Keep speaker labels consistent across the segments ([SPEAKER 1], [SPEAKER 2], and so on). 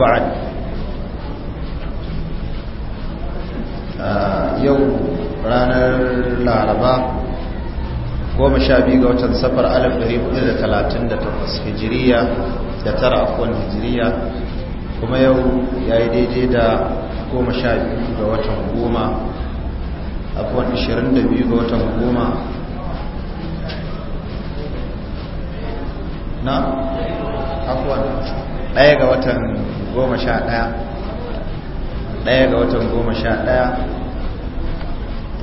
[SPEAKER 1] وبعد yau ranar laraba goma sha biyu ga watan safar alif da talatin da takwas hijiriya da tara akwai hijiriya kuma yau ya yi daidai da goma sha biyu ga watan goma akwai ashirin da biyu ga watan goma na akwai ɗaya ga watan goma sha ɗaya ɗaya ga watan goma sha ɗaya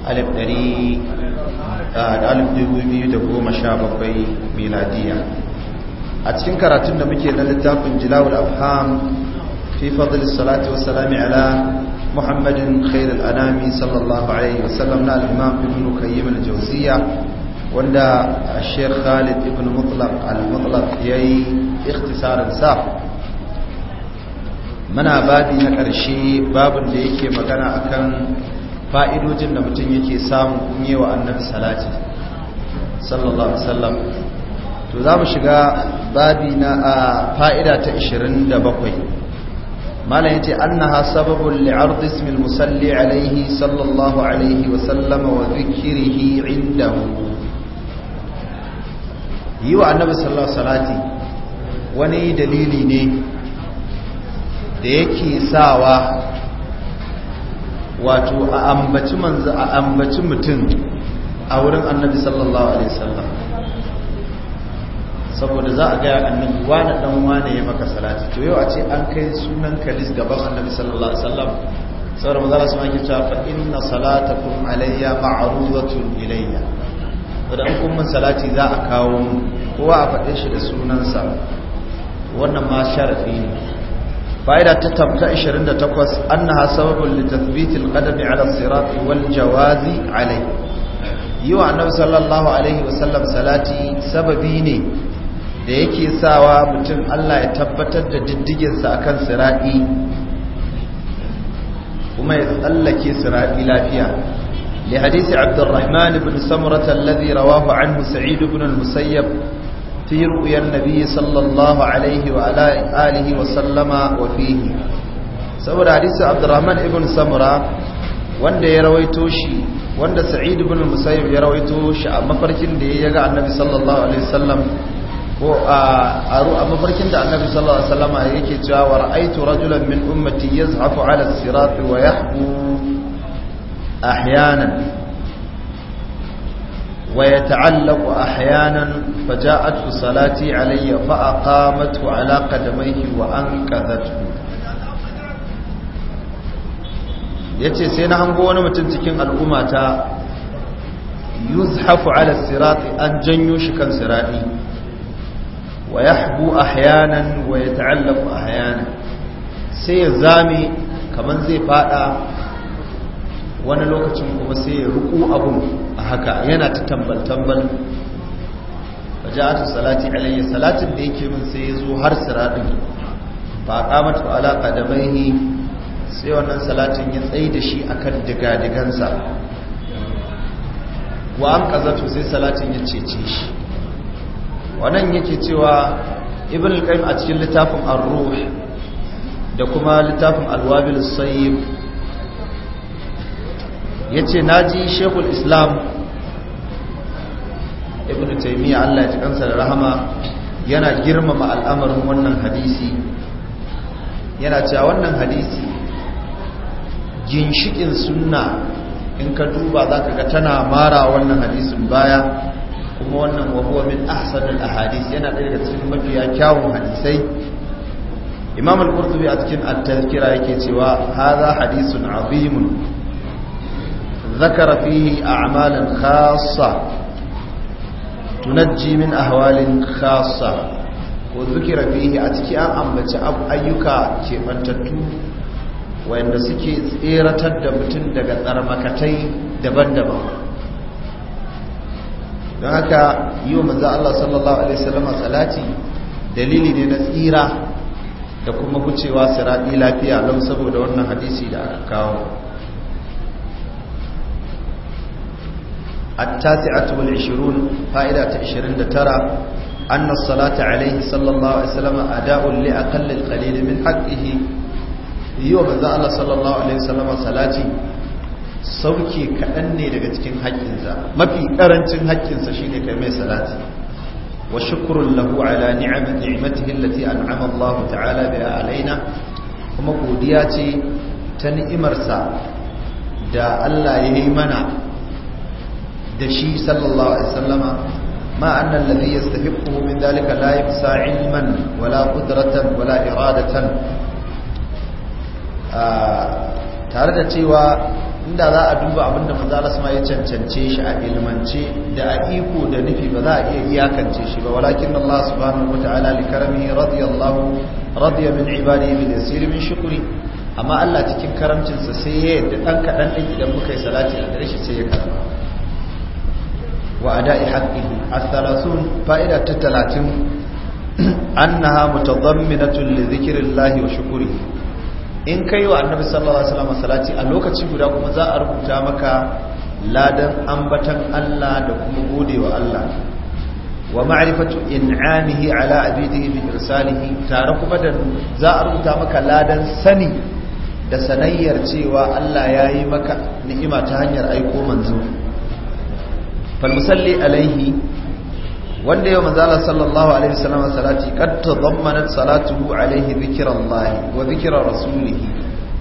[SPEAKER 1] alif ɗari da alif dubu biyu da goma sha bakwai miladiya a cikin karatun da muke na littafin jilawul afham fi fadl salatu wa salami ala muhammadin khair anami sallallahu alaihi sallam na al'imam ibn kayyim al-jawziya wanda sheikh khalid ibn mutlaq al-mutlaq yayi ikhtisarin sa muna babi na ƙarshe babin da yake magana akan fa'idojin da mutum yake samu kunye wa annan salati sallallahu wasallam to za mu shiga babi na a fa'ida ta 27 mana yace annaha sababun li'ard ismi musalli alaihi sallallahu alaihi wasallam wa zikrihi indahu yi wa annabi sallallahu salati wani dalili ne da yake sawa wato a ambaci manzo a ambaci mutum a wurin annabi sallallahu alaihi wasallam saboda za a gaya annabi wani dan wani ya maka salati to yau a ce an kai sunan kalis gaban annabi sallallahu alaihi wasallam saboda manzo Allah subhanahu wa ta'ala fa inna salatakum alayya ma'rudatun ilayya idan kun mun salati za a kawo kowa a faɗe shi da sunansa wannan ma sharafi ne fa'ida ta tabta 28 annaha sababun litathbitil qadami ala sirati wal jawazi alai yi wa annabi sallallahu alaihi wasallam salati sababi ne da yake sawa mutum Allah ya tabbatar da diddiginsa akan sirati kuma ya tsallake sirati lafiya لحديث عبد الرحمن بن سمرة الذي رواه عنه سعيد بن المسيب في رؤيا النبي صلى الله عليه وعلى آله وسلم وفيه سورة حديث عبد الرحمن ابن سمرة wanda ya rawaito shi wanda sa'id ibn musayyib ya rawaito shi a mafarkin da ya ga annabi sallallahu alaihi wasallam ko a a mafarkin da annabi sallallahu alaihi wasallam yake cewa wa ra'aytu rajulan min ummati yazhafu wa yahbu ahyanan ويتعلق أحيانا فجاءته صلاتي علي فأقامته على قدميه وأنقذته yace sai na hango wani mutum cikin al'umma ta yuzhafu ala sirati an janyo shi kan sirati wa yahbu ahyanan wa yata'allaqu ahyanan sai ya zame kaman zai fada wani lokacin kuma sai ya ruku abu a haka yana ta tambal-tambal faja'atu salati alayhi salatin da yake min sai ya zo har siradin alaƙa da ala qadamaihi sai wannan salatin ya tsaye da shi akan digadigansa wa an ƙazatu sai salatin ya cece shi wannan yake cewa ibn al-qayyim a cikin littafin ar-ruh da kuma littafin al-wabil sayyib ya ce na ji shekul islam ibn taimiyya allah ya ci kansa da rahama yana girmama al'amarin wannan hadisi yana cewa wannan hadisi ginshikin sunna in ka duba za ka ga tana mara wannan hadisin baya kuma wannan wahuwa min ahsanul ahadis yana ɗaya daga cikin mafiya kyawun hadisai imam al-qurtubi a cikin at-tazkira yake cewa hadha hadisun azimun ذكر فيه أعمالا خاصة تنجي من أهوال خاصة وذكر فيه أتكي أنبت أب أيكا تتو وإن سكي إيرة الدمتن دقى نرمكتي دبن دبن don haka yi wa manzan Allah sallallahu Alaihi wasallama salati dalili ne na tsira da kuma gucewa siraɗi lafiya don saboda wannan hadisi da aka kawo التاسعة والعشرون فائدة عشرين ترى أن الصلاة عليه صلى الله عليه وسلم أداء لأقل القليل من حقه يوم ذا الله صلى الله عليه وسلم صلاتي sauke kaɗan ne daga cikin haƙƙinsa mafi ƙarancin haƙƙinsa shi ne kai mai salati wa shukurun lahu ala ni'amatihi allati an'ama Allah ta'ala biha alaina kuma godiya ce ta ni'imarsa da Allah ya yi mana da shi sallallahu alaihi wasallama ما أن الذي يستحقه من ذلك لا يقصى ilman wala قدرة wala iradatan ah, tare da cewa inda za a duba abinda manzalas ma ya cancance shi a ilmance da a iko da nufi ba za a iya iyakance shi ba walakin Allah subhanahu wata'ala li karamihi radiyallahu radiya min ibadihi bil yasir min shukri amma Allah cikin karamcinsa sai ya yadda dan kadan din idan muka yi salati a gare shi sai ya karama wa ada'i haqqihi a salasun fa'ida ta 30 annaha mutadamminatun zikirin lahi wa shukrihi in yi wa annabi sallallahu alaihi salati a lokaci guda kuma za a rubuta maka ladan ambatan Allah da kuma gode wa Allah wa ma'arifatu in'amihi ala abidihi bi irsalihi tare kuma da za a rubuta maka ladan sani da sanayyar cewa Allah ya yi maka ni'ima ta hanyar aiko manzo falmusalli alaihi wanda yau manzala sallallahu alaihi wasallam salati kad tadammanat salatuhu alaihi zikrallah wa zikra rasulih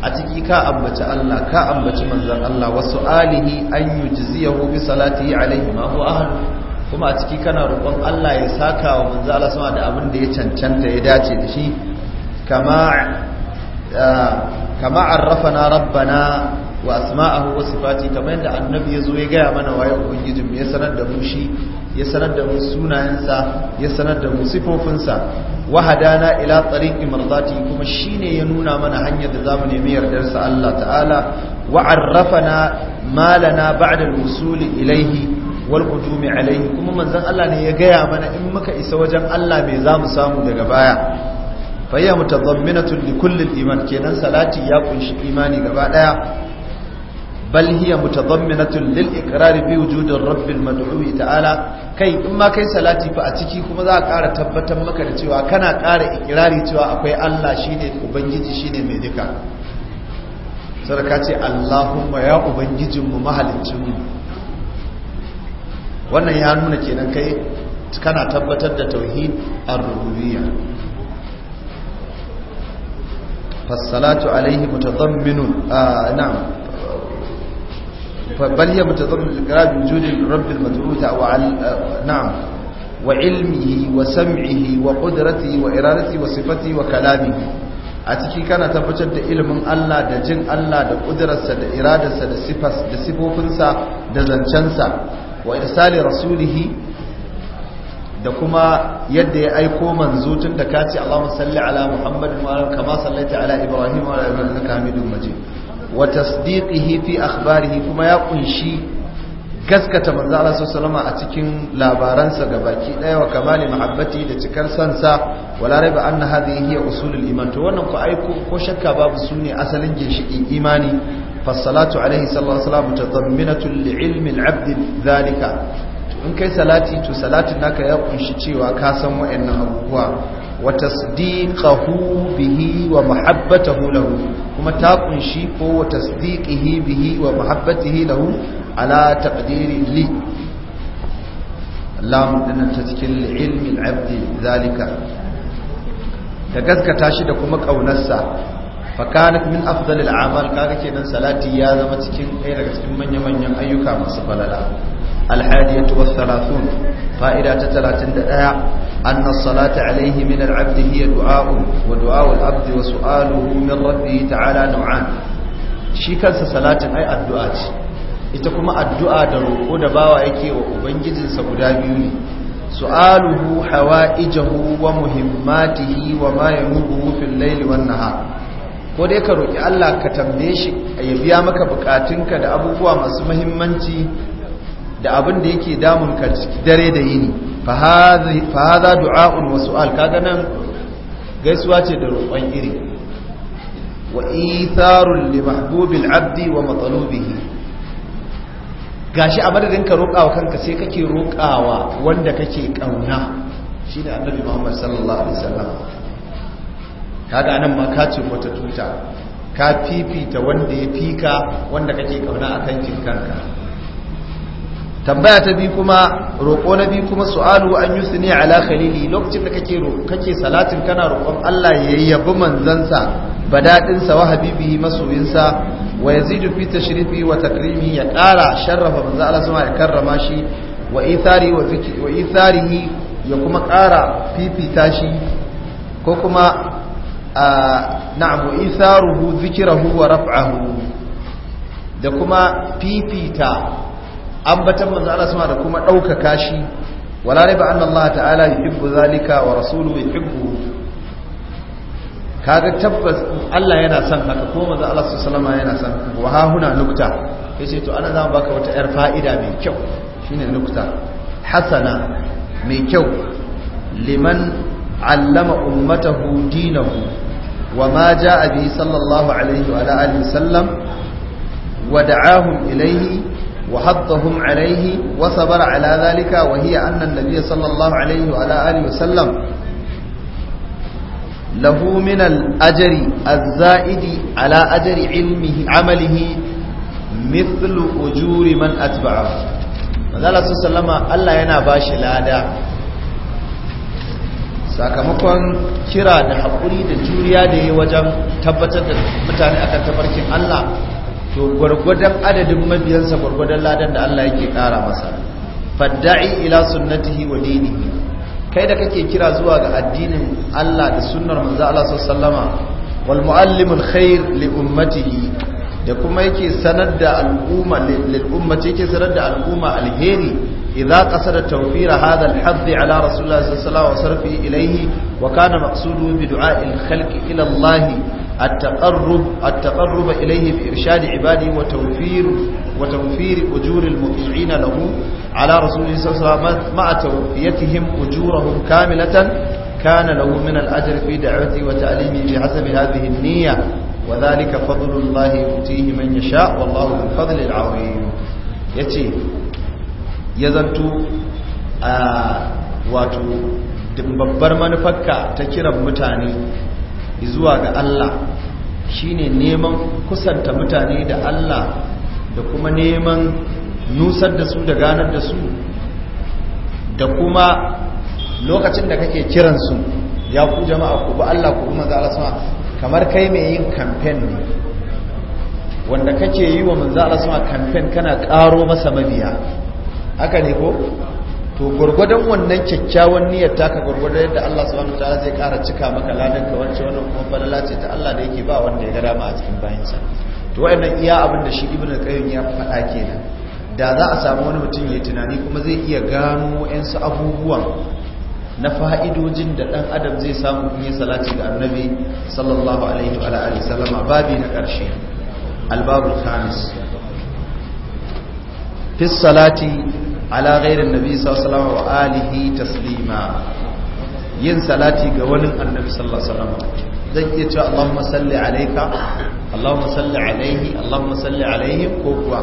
[SPEAKER 1] a ciki ka ambaci Allah ka ambaci manzon Allah wa su'alihi an yujziyahu bi salatihi alaihi ma huwa ahad kuma a ciki kana roƙon Allah ya saka wa manzala sama da abin da ya cancanta ya dace da shi kama kama arrafana rabbana wa asma'ahu wa sifati kamar yadda annabi ya zo ya gaya mana waye ubangijin ya sanar da mu shi ya sanar da mu sunayensa ya sanar da mu sifofinsa wa hadana ila tariqi mardati kuma shine ya nuna mana hanyar da zamu nemi yardar sa Allah ta'ala wa arrafana malana ba'da al-wusul ilayhi wal qudum alayhi kuma manzon Allah ne ya gaya mana in muka isa wajen Allah me zamu samu daga baya fayya mutadamminatun li kulli al-iman kenan salati ya kunshi imani gaba daya bal hiya mutadamminatun lil iqrari bi wujudir rabbil mad'u ta'ala kai in ma kai salati fa a ciki kuma za ka ƙara tabbatar maka da cewa kana ƙara iqrari cewa akwai Allah shine ubangiji shine mai duka sarka ce Allahumma ya ubangijinmu mahalicinmu wannan ya nuna kenan kai kana tabbatar da tauhid ar-rububiyya فالصلاة عليه متضمن آه نعم بل هي متضمن الإقرار بوجود الرب المدعو نعم وعلمه وسمعه وقدرته وإرادته وصفته وكلامه a ciki kana tabbatar da ilimin Allah da jin Allah da ƙudurarsa da iradarsa da sifas da zancensa wa irsali rasulihi da kuma yadda ya aiko manzo tun da kace Allahumma salli ala Muhammadin wa ala kama sallaita ala Ibrahim wa ala ibrahim innaka Hamidum Majid wa tasdiqihi fi akhbarihi kuma ya kunshi gaskata manzo Allah sallallahu a cikin labaransa gabaki daya wa kamali mahabbati da cikar sansa wala raiba anna hadhihi hiya usulul iman to wannan ku aiko ko shakka babu sune asalin ginshikin imani fassalatu alaihi sallallahu alaihi wasallam tadamminatu li'ilmi al'abd dhalika in kai salati to salatin naka ya kunshi cewa ka san wayannan abubuwa wa tasdiqahu bihi wa mahabbatahu lahu kuma ta kunshi ko wa tasdiqihi bihi wa mahabbatihi lahu ala taqdiri li lam din ta cikin ilmi al-abd zalika da gaskata shi da kuma kaunarsa fa kanat min afdal al-a'mal kaga kenan salati ya zama cikin ɗaya daga cikin manya-manyan ayyuka masu falala الحادية والثلاثون فائدة ثلاثين دقاء أن الصلاة عليه من العبد هي دعاء ودعاء العبد وسؤاله من ربه تعالى نوعان شيكا صلاة أي الدعاء ita kuma addu'a da roƙo da bawa yake wa ubangijinsa guda biyu ne su'aluhu hawa'ijahu wa muhimmatihi wa ma yamuhu fil layli wan ko dai ka roki Allah ka tambaye shi ya biya maka bukatunka da abubuwa masu muhimmanci da abin da yake damun ka dare da yini fa hadha du'a'un wa su'al kaga nan gaisuwa ce da roƙon iri wa itharul li mahbubil abdi wa matalubihi gashi a madadin ka roƙawa kanka sai kake roƙawa wanda kake kauna shine annabi Muhammad sallallahu alaihi wasallam kaga nan ma ka ce wata tuta ka fifita wanda ya fika wanda kake kauna akan kinkanka tambaya ta bi kuma roƙo na bi kuma su'alu an yusni ala khalili lokacin da kake kake salatin kana roƙon Allah ya yabi manzansa badadin sa wa habibihi masoyinsa wa yazidu fi tashrifi wa takrimi ya ƙara sharrafa manzo Allah sama ya karrama shi wa ithari wa zikri wa itharihi ya kuma ƙara fifita shi ko kuma na'am wa itharuhu zikrahu wa raf'ahu da kuma fifita ambatan manzo Allah sama da kuma ɗaukaka shi wala riba anna Allah ta'ala yuhibbu zalika wa rasuluhu yuhibbu kaga tabbas Allah yana son haka ko manzo Allah sallallahu alaihi yana son haka wa hahuna nukta yace to ana zan baka wata yar fa'ida mai kyau shine nukta hasana mai kyau liman allama ummatahu dinahu wa ma jaa bi sallallahu alaihi wa alihi sallam wa da'ahum ilayhi وحطهم عليه وصبر على ذلك وهي أن النبي صلى الله عليه وعلى آله وسلم له من الأجر الزائد على أجر علمه عمله مثل أجور من أتبعه ماذا سلما ألا ينباش لادا sakamakon kira da haƙuri da juriya da ya wajen tabbatar da mutane akan tafarkin Allah to gwargwadon adadin mabiyansa gwargwadon ladan da Allah yake kara masa fadda'i ila sunnatihi wa dinihi kai da kake kira zuwa ga addinin Allah da sunnar manzo Allah sallama wal muallimul khair li ummatihi da kuma yake sanar da al'umma lil ummati yake sanar da al'umma alheri idza qasada tawfir hadha al-hadd ala sallallahu alaihi wa sarfi ilayhi wa kana maqsuduhu bi du'a al-khalqi ila Allah التقرب التقرب إليه بإرشاد عباده وتوفير وتوفير أجور المطيعين له على رسول الله صلى الله عليه وسلم مع توفيتهم أجورهم كاملة كان له من الأجر في دعوته وتعليمه بحسب هذه النية وذلك فضل الله يؤتيه من يشاء والله ذو الفضل العظيم يتي يزنتو آه واتو babbar manufarka ta kiran mutane zuwa ga Allah shine neman kusanta mutane da Allah da kuma neman nusar da su da ganar da su da kuma lokacin da kake kiransu ya ku jama'a ku bi Allah ku kuma za rasuwa. kamar kai mai yin kamfen ne wanda kake yi wa manzo Allah kamfen kana karo masa mabiya haka ne ko to gurgudan wannan kyakkyawan niyyar taka gurgudan yadda Allah subhanahu wataala zai kara cika maka ladan ka wance wannan kuma falala ce ta Allah da yake ba wanda ya gara ma a cikin bayansa to wayannan iya abin da shi ibnu qayyim ya faɗa kenan da za a sami wani mutum ya tunani kuma zai iya gano wayansu abubuwan na fa'idojin da dan adam zai samu in yi salati ga annabi sallallahu alaihi wa alihi babi na ƙarshe albabul khamis fi salati ala ghairin nabi sallallahu wa alihi taslima yin salati ga wani annabi sallallahu alaihi wasallam zan iya cewa Allahumma salli alayka Allahumma salli alayhi Allahumma salli alayhi ko kuwa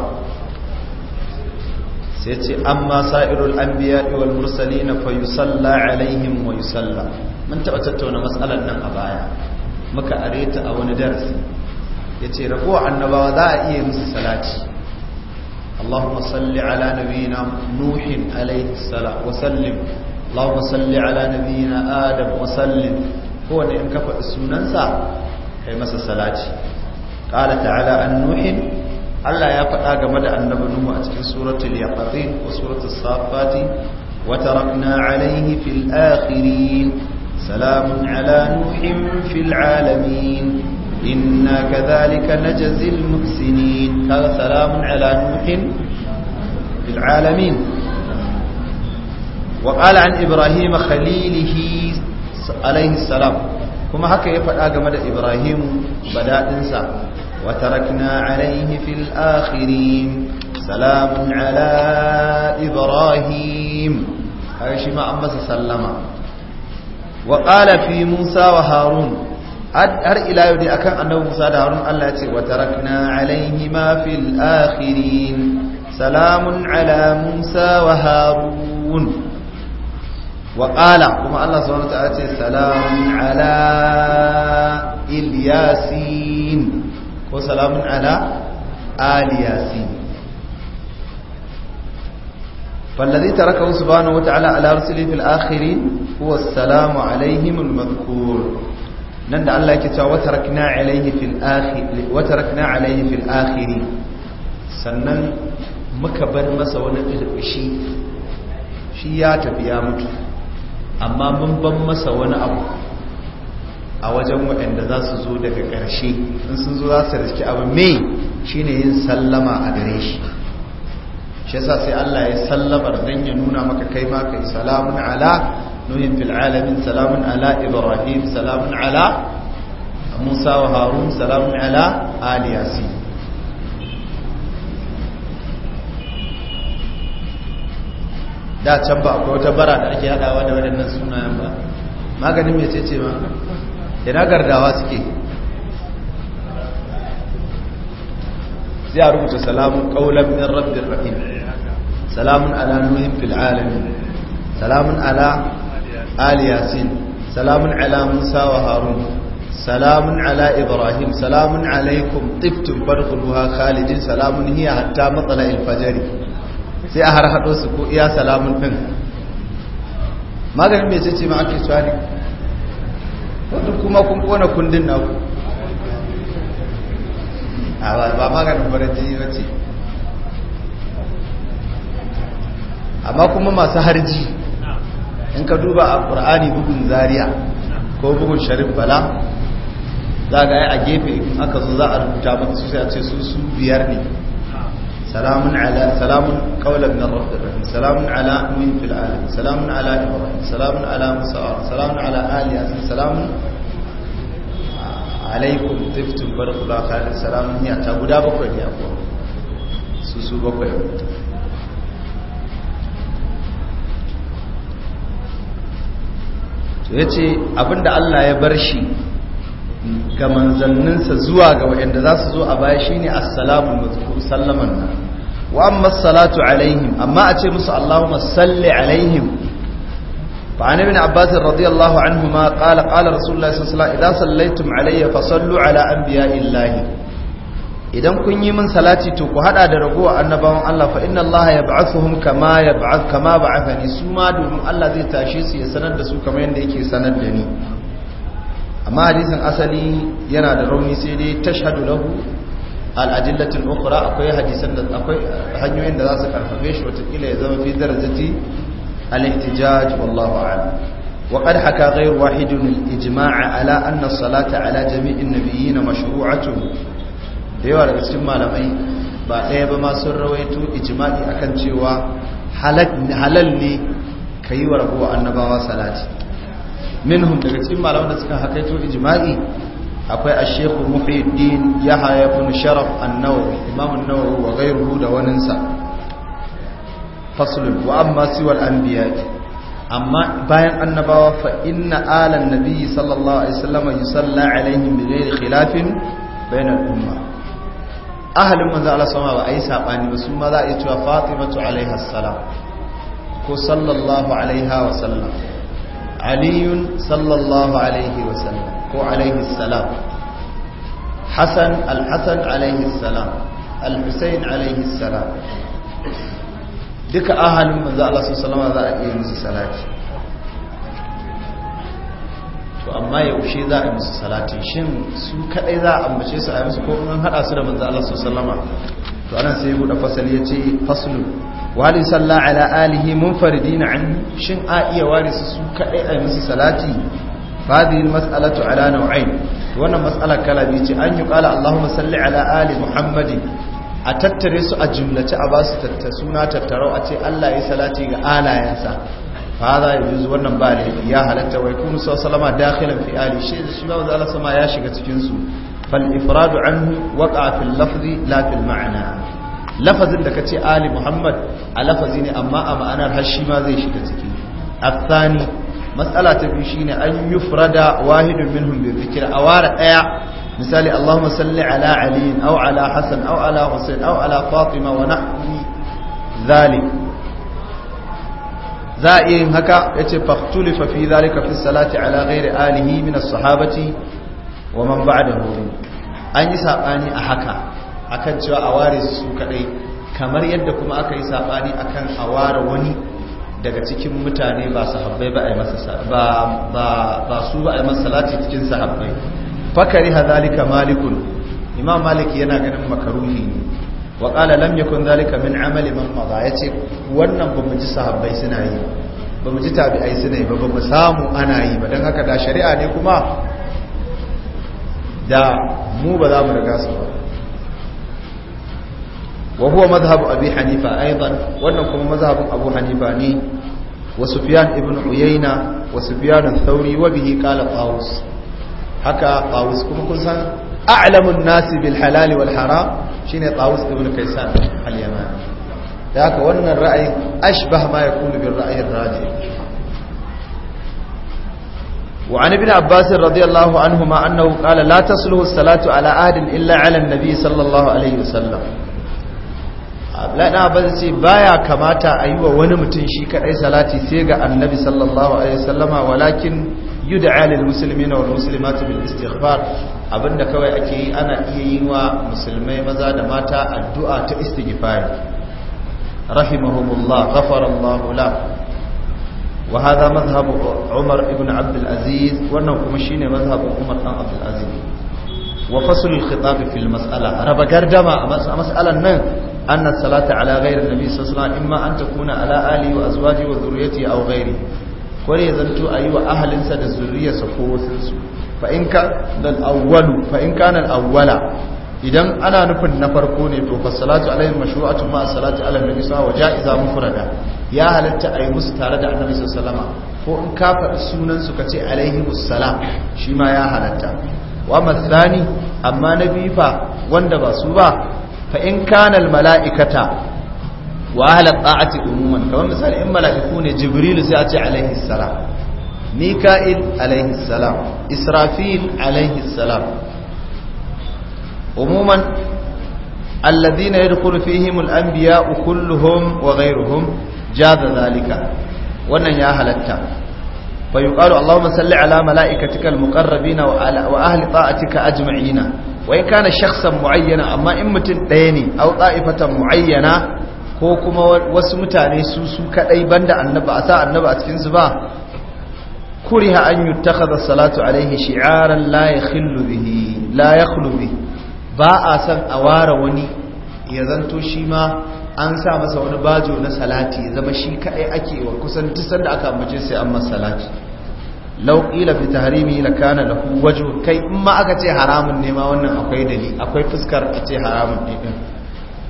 [SPEAKER 1] sai ce amma sa'irul anbiya wal mursalin fa yusalla alaihim wa yusalla mun taba tattauna matsalar nan a baya muka areta a wani darasi yace rabuwa annabawa za a iya musu salati اللهم صل على نبينا نوح عليه السلام وسلم اللهم صل على نبينا آدم وسلم هو إن كفى السننسى كي مسا صلاة قال تعالى عن نوح الله يقطع جمد أن نبنه أتكي سورة اليقظين وسورة الصافات وتركنا عليه في الآخرين سلام على نوح في العالمين إنا كذلك نجزي المحسنين قال سلام على نوح في العالمين وقال عن إبراهيم خليله عليه السلام كما حكى يفعل أقمد إبراهيم بدأ تنسى وتركنا عليه في الآخرين سلام على إبراهيم هاي شما أمس سلم وقال في موسى وهارون har ila yau dai akan annabi Musa da Harun Allah ya ce wa tarakna alaihi ma fil akhirin salamun ala Musa wa Harun wa qala kuma Allah subhanahu wa ta'ala ce salamun ala Ilyasin ko salamun ala Aliyasin فالذي تركه سبحانه وتعالى على رسله في الآخرين هو السلام عليهم المذكور nan da Allah yake cewa watarakna alayhi fil akhir watarakna alayhi fil akhirin sannan muka bar masa wani ilbishi shi ya tafi ya mutu amma mun ban masa wani abu a wajen waɗanda za su zo daga ƙarshe in sun zo za su riski abu mai shine yin sallama a gare shi shi sai Allah ya sallamar dan ya nuna maka kai maka kai salamun ala nuhin fil alamin salamun ala ibrahim salamun ala musa wa harun salamun ala ali da can ba akwai wata bara da ake hadawa da waɗannan sunayen ba maganin mai ce ma yana gardawa suke sai a rubuta salamun ƙaunar min rabbin rahim salamun ala nuhin fil alamin salamun ala ali yasin salamun ala musa wa harun salamun ala ibrahim salamun alaikum Tiftun barkuluha khalidin salamun hiya hatta matsala ilfajari sai a har haɗo su ko iya salamun ɗin maganin mai ce ma ake tsari wadda kuma kun kona kundin na ba maganin baraji ba ce amma kuma masu harji in ka duba a ƙur'ani bugun zaria ko bugun sharif bala za ga yi a gefe aka zo za a rubuta maka su sai a ce su su biyar ne salamun ala salamun qawlan min rabbir salamun ala min fil salamun ala ibrahim salamun ala musa salamun ala ali salamun alaikum tiftum barqula khalid salamun ya ta guda bakwai ne akwai su su bakwai ya ce abinda Allah ya bar shi ga manzanninsa zuwa ga waɗanda za su zo a baya shi ne assalamun mazkur sallaman nan wa an salatu alaihim amma a ce musu Allahumma salli alaihim ba a nabin abbasin radiyallahu anhu ma qala qala rasulullah sallallahu alaihi wasallam idza sallaitum alayya fasallu ala anbiya'illahi idan kun yi min salati to ku hada da ragowa annabawan Allah fa inna Allah yab'athuhum kama yab'ath kama ba'athani su ma domin Allah zai tashe su ya sanar da su kamar yadda yake sanar da ni amma hadisin asali yana da rauni sai dai tashhadu lahu al-adillatu al-ukhra akwai hadisan da akwai hanyoyin da za su karfafe shi kila ya zama fi darajati al-ihtijaj wallahu a'lam وقد حكى غير واحد الإجماع على أن الصلاة على جميع النبيين مشروعة da yawa daga cikin malamai ba ɗaya ba masu sun ijimaɗi ijma'i akan cewa halal ne ka yi wa rabuwa annabawa salati minhum daga cikin malamai da suka hakaito ijimaɗi. akwai a shekhu muhiddin ya haya bin sharaf annawawi imamun nawawi wa gairu da waninsa fasulun wa amma siwal an biya amma bayan annabawa fa inna alan nabi sallallahu alaihi wasallam yusalla alaihim bi ghairi khilafin bainal umma ahalin manzo Allah sama ba ai yi sabani ba sun ma za a yi cewa fatimatu alaiha salam ko sallallahu alaiha wa sallam aliyun sallallahu alaihi wa sallam ko alaihi salam hasan al-hasan alaihi salam al-husayn alaihi salam duka ahalin manzo Allah sallallahu alaihi wa sallam za a iya musu salati to amma yaushe za a yi musu salati shin su kadai za a ambace su a yi musu ko an hada su da manzo Allah sallama to anan sai buɗe fasali yace faslu wali salla ala alihi munfaridin an shin a iya wari su su kadai a yi musu salati fadil mas'alatu ala nau'ain wannan mas'ala kala biyu ce an yi qala Allahumma salli ala ali muhammadin a tattare su a jumlace a ba su suna tattarau a ce Allah ya salati ga alayansa fada ya juzu wannan ba da ya halatta wai kuma sau salama dakhilan fi ali shi shi ba wanda sama ya shiga cikin su fal ifradu anhu waqa fil lafzi la fil lafazin da kace ali muhammad a lafazi ne amma a ma'anar har shi ma zai shiga ciki athani matsala ta biyu shine an yufrada wahidun minhum bi a awara ɗaya misali allahumma salli ala aliyin au ala hasan au ala husain au ala fatima wa nahwi za a iya yin haka ya ce faktuli fafi zari kafin salati ala gairi alihi min sahabati wa man da hori an yi sabani a haka a kan cewa a ware su kadai kamar yadda kuma aka yi sabani kan a ware wani daga cikin mutane ba su haɓai ba su masa salati cikin sahabbai fakari ha zalika malikun imam maliki yana ganin makaruhi ne wa qala lam yakun zalika min amali man qada yace wannan ba mu ji sahabbai suna yi ba mu ji tabi'ai suna yi ba ba mu samu ana yi ba dan haka da shari'a ne kuma da mu ba za mu riga su ba wa huwa madhhabu abi hanifa aidan wannan kuma madhhabun abu hanifa ne wa sufyan ibn uyayna wa sufyan al-thawri wa bihi qala qawus haka qawus kuma kun san a'lamun nasi bil halal wal haram shine tawus ibn kaysan al-yamani da haka wannan ra'ayin ashbah ma yakunu bil ra'yi ar-rajih وعن ابن عباس رضي الله عنهما أنه قال لا تصله الصلاة على أحد إلا على النبي صلى الله عليه وسلم لأن أبنسي بايا كماتا أيوة ونمتن شيكا أي صلاة سيغا النبي صلى الله عليه وسلم ولكن yud'a lil muslimina wal muslimati bil istighfar abinda kawai ake yi ana iya yi wa musulmai maza da mata addu'a ta istighfari rahimahumullah ghafara Allah la wa hadha madhhab Umar ibn Abd al-Aziz wannan kuma shine madhhabin Umar dan Abd al-Aziz wa fasl al-khitab fi al-mas'ala raba gardama a mas'alan nan anna salata ala ghayri an-nabi sallallahu alaihi wasallam imma an takuna ala alihi wa azwajihi wa dhurriyyatihi aw ghayrihi kwarai ya zanto a yi wa ahalinsa da zuriyarsa ko wasansu fa'in kanar awwala idan ana nufin na farko ne to fasalatu alayhi mashru'atun ma salatu ala nabi sallallahu alaihi ja'iza mufrada ya halatta ayi musu tare da annabi sallallahu ko in ka faɗi sunan su kace alaihi wassalam shi ma ya halatta wa mathani amma nabi fa wanda ba su ba fa in kana al mala'ikata wa ahla ta'ati umuman kamar misali in mala'iku ne jibril sai a ce alaihi salam mika'il alaihi salam israfil alaihi salam umuman alladhina yadkhulu fihim al-anbiya kulluhum wa ghayruhum jaza zalika wannan ya halatta fa yuqalu allahumma salli ala mala'ikatika al-muqarrabin wa ala wa ahli ta'atika ajma'ina wa in kana shakhsan mu'ayyana amma in mutun daya ne aw ta'ifatan mu'ayyana ko kuma wasu mutane su su kadai banda annaba a sa annaba a cikinsu ba kuriha an yi salatu alaihi shi'aran la ya bihi ba a san a ware wani ya zanto shi ma an sa masa wani bajo na salati zama shi kadai ake wa kusan tisan da aka ambace sai an masa salati law qila fi tahrimi la kana lahu wajhu kai in ma aka ce haramun ne ma wannan akwai dali akwai fuskar a ce haramun ne din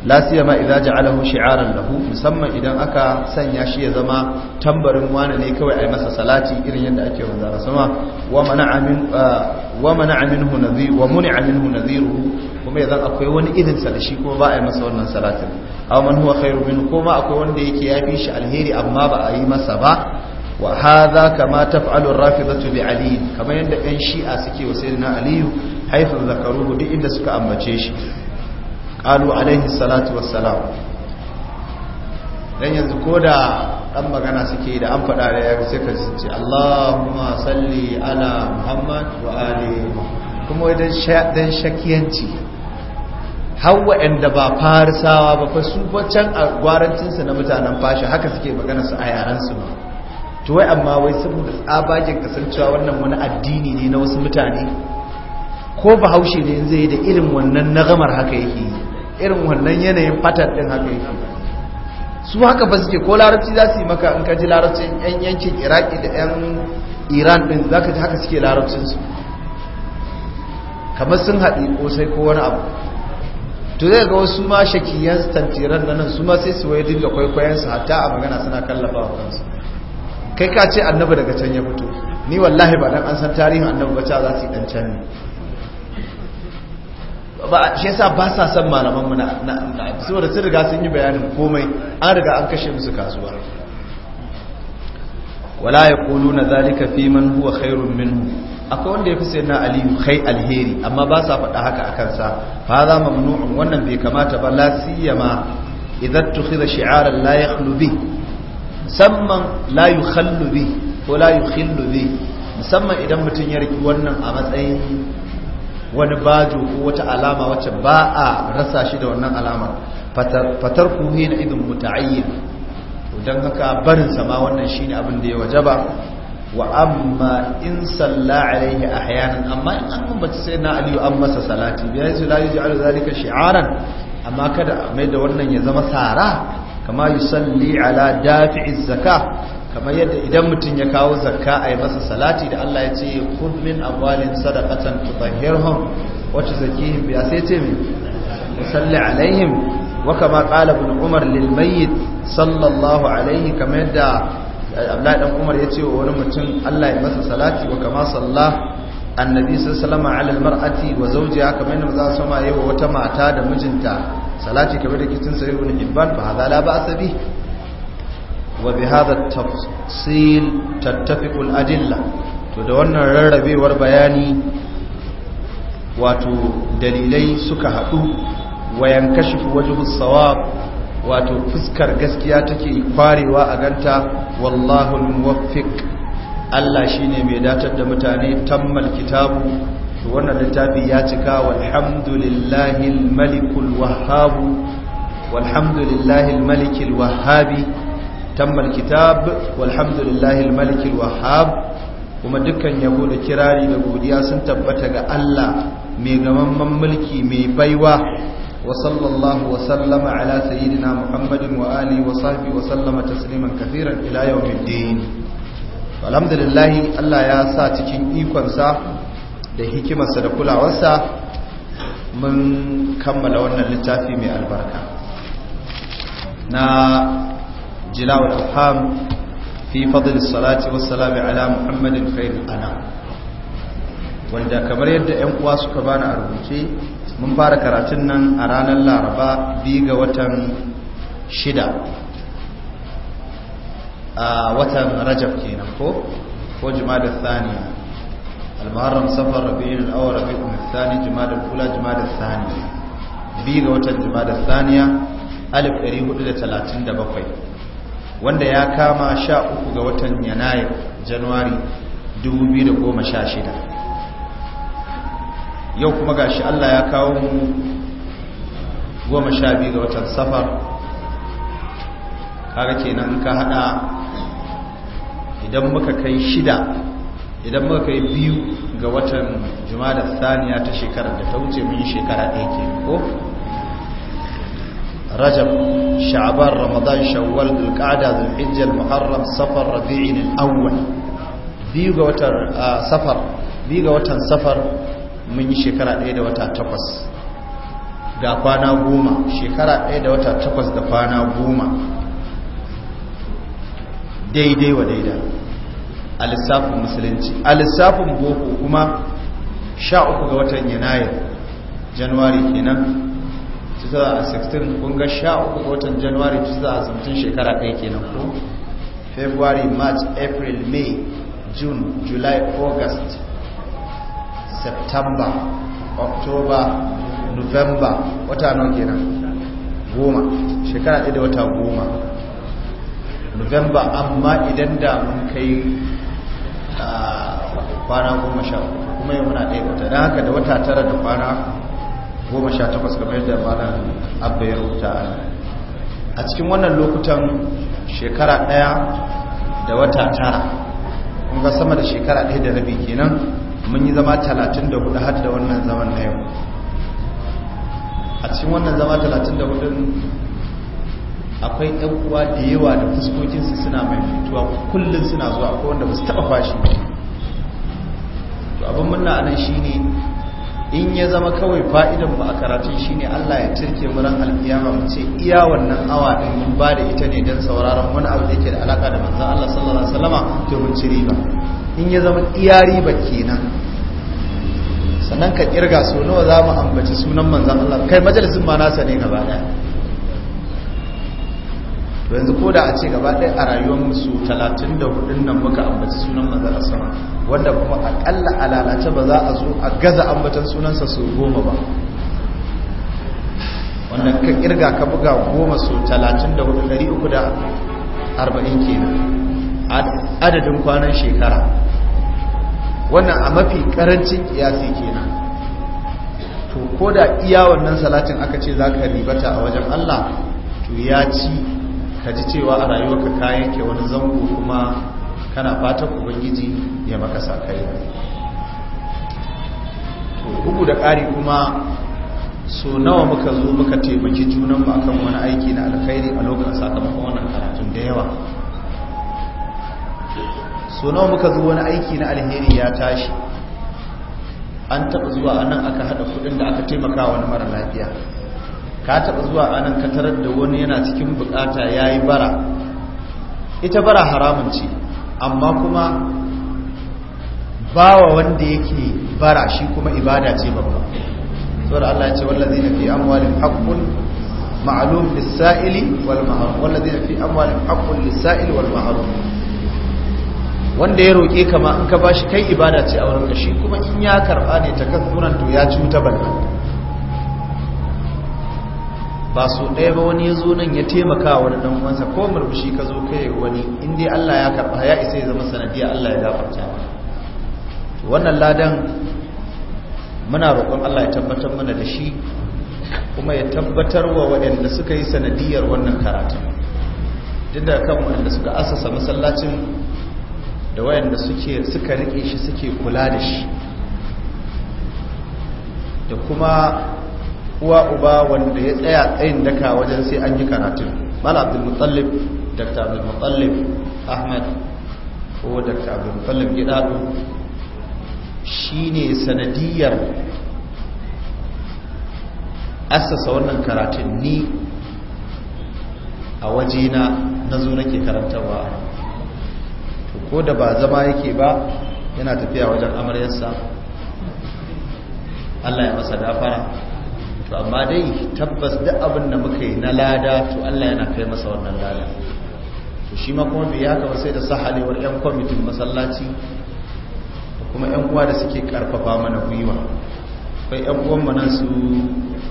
[SPEAKER 1] la siyama idza ja'alahu shi'aran lahu musamman idan aka sanya shi ya zama tambarin wani ne kawai ai masa salati irin yadda ake manzo sama wa mana'a min uh, wa mana'a wa muni'a minhu kuma idan akwai wani irin sa da shi kuma ba ai masa wannan salatin aw man huwa khairu min kuma akwai wanda yake yafi shi alheri amma ba a yi masa ba wa hadha kama taf'alu rafidatu bi ali kamar yadda ɗan shi'a suke wa sayyidina aliyu haifa zakaruhu duk inda suka ambace shi kalu alaihi salatu wassalam dan yanzu ko da dan magana suke da an faɗa da ya sai ka ce Allahumma salli ala Muhammad wa ali kuma wajen dan shakiyanci har waɗanda ba farisawa ba fa su can a gwarancinsu na mutanen fashi haka suke magana su a su ba to wai amma wai saboda tsabagen kasancewa wannan wani addini ne na wasu mutane ko bahaushe ne zai da irin wannan nagamar haka yake yi irin wannan yanayin fatar din haka yake su haka ba suke ko larabci za su yi maka in ka ji larabcin yan yankin iraki da yan iran din za ka ji haka suke larabcinsu kamar sun haɗi sai ko wani abu to zai ga wasu ma shakiyan na nan su ma sai su waye dinga su hatta a magana suna kallafa wa kansu kai ka ce annabi daga can ya fito ni wallahi ba dan an san tarihin annabi ba ta za su yi dan can ne ba shi yasa ba sa son malaman mu na saboda sun riga sun yi bayanin komai an riga an kashe musu kasuwa wala ya na zalika fi man huwa khairun minhu akwai wanda ya fi sai na aliyu kai alheri amma ba sa faɗa haka a kansa fa za mamnu'un wannan bai kamata ba la siyama idan tukhidha shi'aran la yakhlu bi musamman la yukhallu bi ko la yukhillu bi musamman idan mutum ya riki wannan a matsayin wani bajo ko wata alama wacce ba a rasa shi da wannan alamar fatar kuhi na idin muta'ayyin don haka barin sama wannan shi ne abin da ya wajaba wa amma in salla alaihi ahyanan amma in an ambaci sai na aliyu an masa salati biya su la yuj'alu zalika shi'aran amma kada mai da wannan ya zama sara kama salli ala dafi'in zaka kamar yadda idan mutum ya kawo zakka a yi masa salati da Allah ya ce khudh min amwalin sadaqatan tutahhirhum wa tuzakkihim biya sai ce me musalli alaihim wa kama qala ibn umar lil mayyit sallallahu alaihi kamar yadda eh, Abdullahi dan Umar ya ce wa wani mutum Allah ya masa salati wa kama sallah annabi sallallahu alaihi mar'ati wa zawjiha kamar yadda maza sama yayi wa wata mata da mijinta salati kamar da kitin sayyid ibn Hibban fa hadha la ba'sa bih وبهذا التفصيل تتفق الأدلة تدون الرربي والبياني واتو دليلي سكهتو وينكشف وجه الصواب واتو فسكر قسكياتك إقباري وأغنت والله الموفق Allah shi ne mai datar da mutane tammal kitabu wannan littafi ya cika walhamdulillahi malikul wahabu walhamdulillahi malikil wahabi tammal kitab walhamdulillahi almalikil wahhab kuma dukkan yabo da kirari da godiya sun tabbata ga Allah mai gamamman mulki mai baiwa wa sallallahu wa sallama ala sayyidina muhammadin wa alihi wa wa sallama tasliman kathiran ila yawmiddin alhamdulillah Allah ya sa cikin ikonsa da hikimarsa da kulawarsa mun kammala wannan littafi mai albarka na جلاء الأرحام في فضل الصلاة والسلام على محمد خير wanda kamar yadda 'yan uwa suka bani a rubuce mun fara karatun nan a ranar laraba biyu ga watan shida a watan rajab kenan ko ko jimadar thaniya al-muharram safar rabi'ul awwal rabi'ul thani jimadar kula jimadar thaniya biyu ga watan 1437 wanda ya kama sha uku ga watan yanayi januwari 2016 yau kuma gashi Allah ya kawo mu goma sha biyu ga watan safar kare kenan ka hada idan muka kai shida idan muka kai biyu ga watan juma'a da saniya ta shekarar da ta wuce mun shekara ɗaya ke ko rajab Sha'abar, ramadan shawwal zulqa'da zulhijja muharram safar rabi'in al-awwal biyu ga watan safar mun yi shekara ɗaya da wata takwas da kwana goma shekara ɗaya da wata takwas da kwana goma daidai wa a lissafin musulunci a lissafin boko kuma sha uku ga watan yanayar januwari kenan 2016 kun ga 13 watan january 2017 shekara ɗaya kenan ko february march april may june july august september october november wata nan kenan goma shekara ɗaya da wata goma november amma idan da mun kai ah, kwana goma sha kuma yi muna ɗaya wata da haka da wata tara da kwana goma sha takwas kamar yadda malam abba ya rubuta a cikin wannan lokutan shekara ɗaya da wata tara kuma ba sama da shekara ɗaya da rabi kenan mun yi zama talatin da hudu har da wannan zaman na yau a cikin wannan zama talatin da hudun akwai ɗan uwa da yawa da fuskokinsu suna mai fituwa kullum suna zuwa akwai wanda ba su taɓa fashi to abin murna anan shine in ya zama kawai fa'idan ba a karatun shi ne Allah ya turke muran alkiyama mu ce iya wannan awa din mun ba da ita ne don sauraron wani abu da yake da alaƙa da manzan Allah sallallahu Alaihi wasallama to mun ci riba in ya zama iya riba kenan sannan ka kirga so nawa za mu ambaci sunan manzan Allah kai majalisin ma nasa ne gaba ɗaya to yanzu ko da a ce gaba ɗaya a rayuwar musu 34 nan muka ambaci sunan mazara sama wanda kuma akalla a lalace ba za a zo a gaza ambatan sunansa su goma ba wanda ka kirga ka buga goma su 34,340 kenan adadin kwanan shekara wannan a mafi karancin kiyasi kenan to ko da iya wannan salatin aka ce za ka ribata a wajen Allah to ya ci ka ji cewa a rayuwarka ka yanke wani zango kuma kana fatan ubangiji ya maka sakai uku da ƙari kuma so nawa muka zo muka taimaki junanmu akan wani aiki na alkhairi a lokacin sakamakon wannan karatun da yawa so nawa muka zo wani aiki na alheri ya tashi an taɓa zuwa nan aka haɗa kuɗin da aka taimaka wani mara lafiya ka taɓa zuwa anan ka tarar da wani yana cikin bukata ya yi bara ita bara haramun ce amma kuma bawa wanda yake bara shi kuma ibada ce babba saboda Allah ya ce wallazi na fi amwalin haqqun ma'lum lis-sa'ili wal mahrum wallazi na fi amwalin haqqun lis-sa'ili wal mahrum wanda ya roke ka ma in ka bashi kai ibada ce a wurin shi kuma in ya karba ne takassuran to ya cuta banna ba su ɗaya ba wani ya zo nan ya taimaka wani ɗan uwansa ko murmushi ka zo kai wani in Allah ya karɓa ya isa ya zama sanadiyar Allah ya gafarta wannan ladan muna roƙon Allah ya tabbatar mana da shi kuma ya tabbatar wa waɗanda suka yi sanadiyar wannan karatu duk da kan waɗanda suka asasa masallacin da waɗanda suka riƙe shi suke kula da shi da kuma uwa uba wanda ya tsaya tsayin daka wajen sai an yi karatun mala abdulmutallif dr abdulmutallif ahmed ko dr abdulmutallif gidado shi ne sanadiyar assasa wannan karatun ni a wajena na zo nake karantarwa ko da ba zama yake ba yana tafiya wajen amaryarsa Allah ya masa dafara to amma dai tabbas da abin da muka yi na lada to Allah yana kai masa wannan lada to shi ma kuma bai ya sai da sahalewar yan kwamitin masallaci da kuma yan uwa da suke karfafa mana gwiwa akwai yan uwan mana su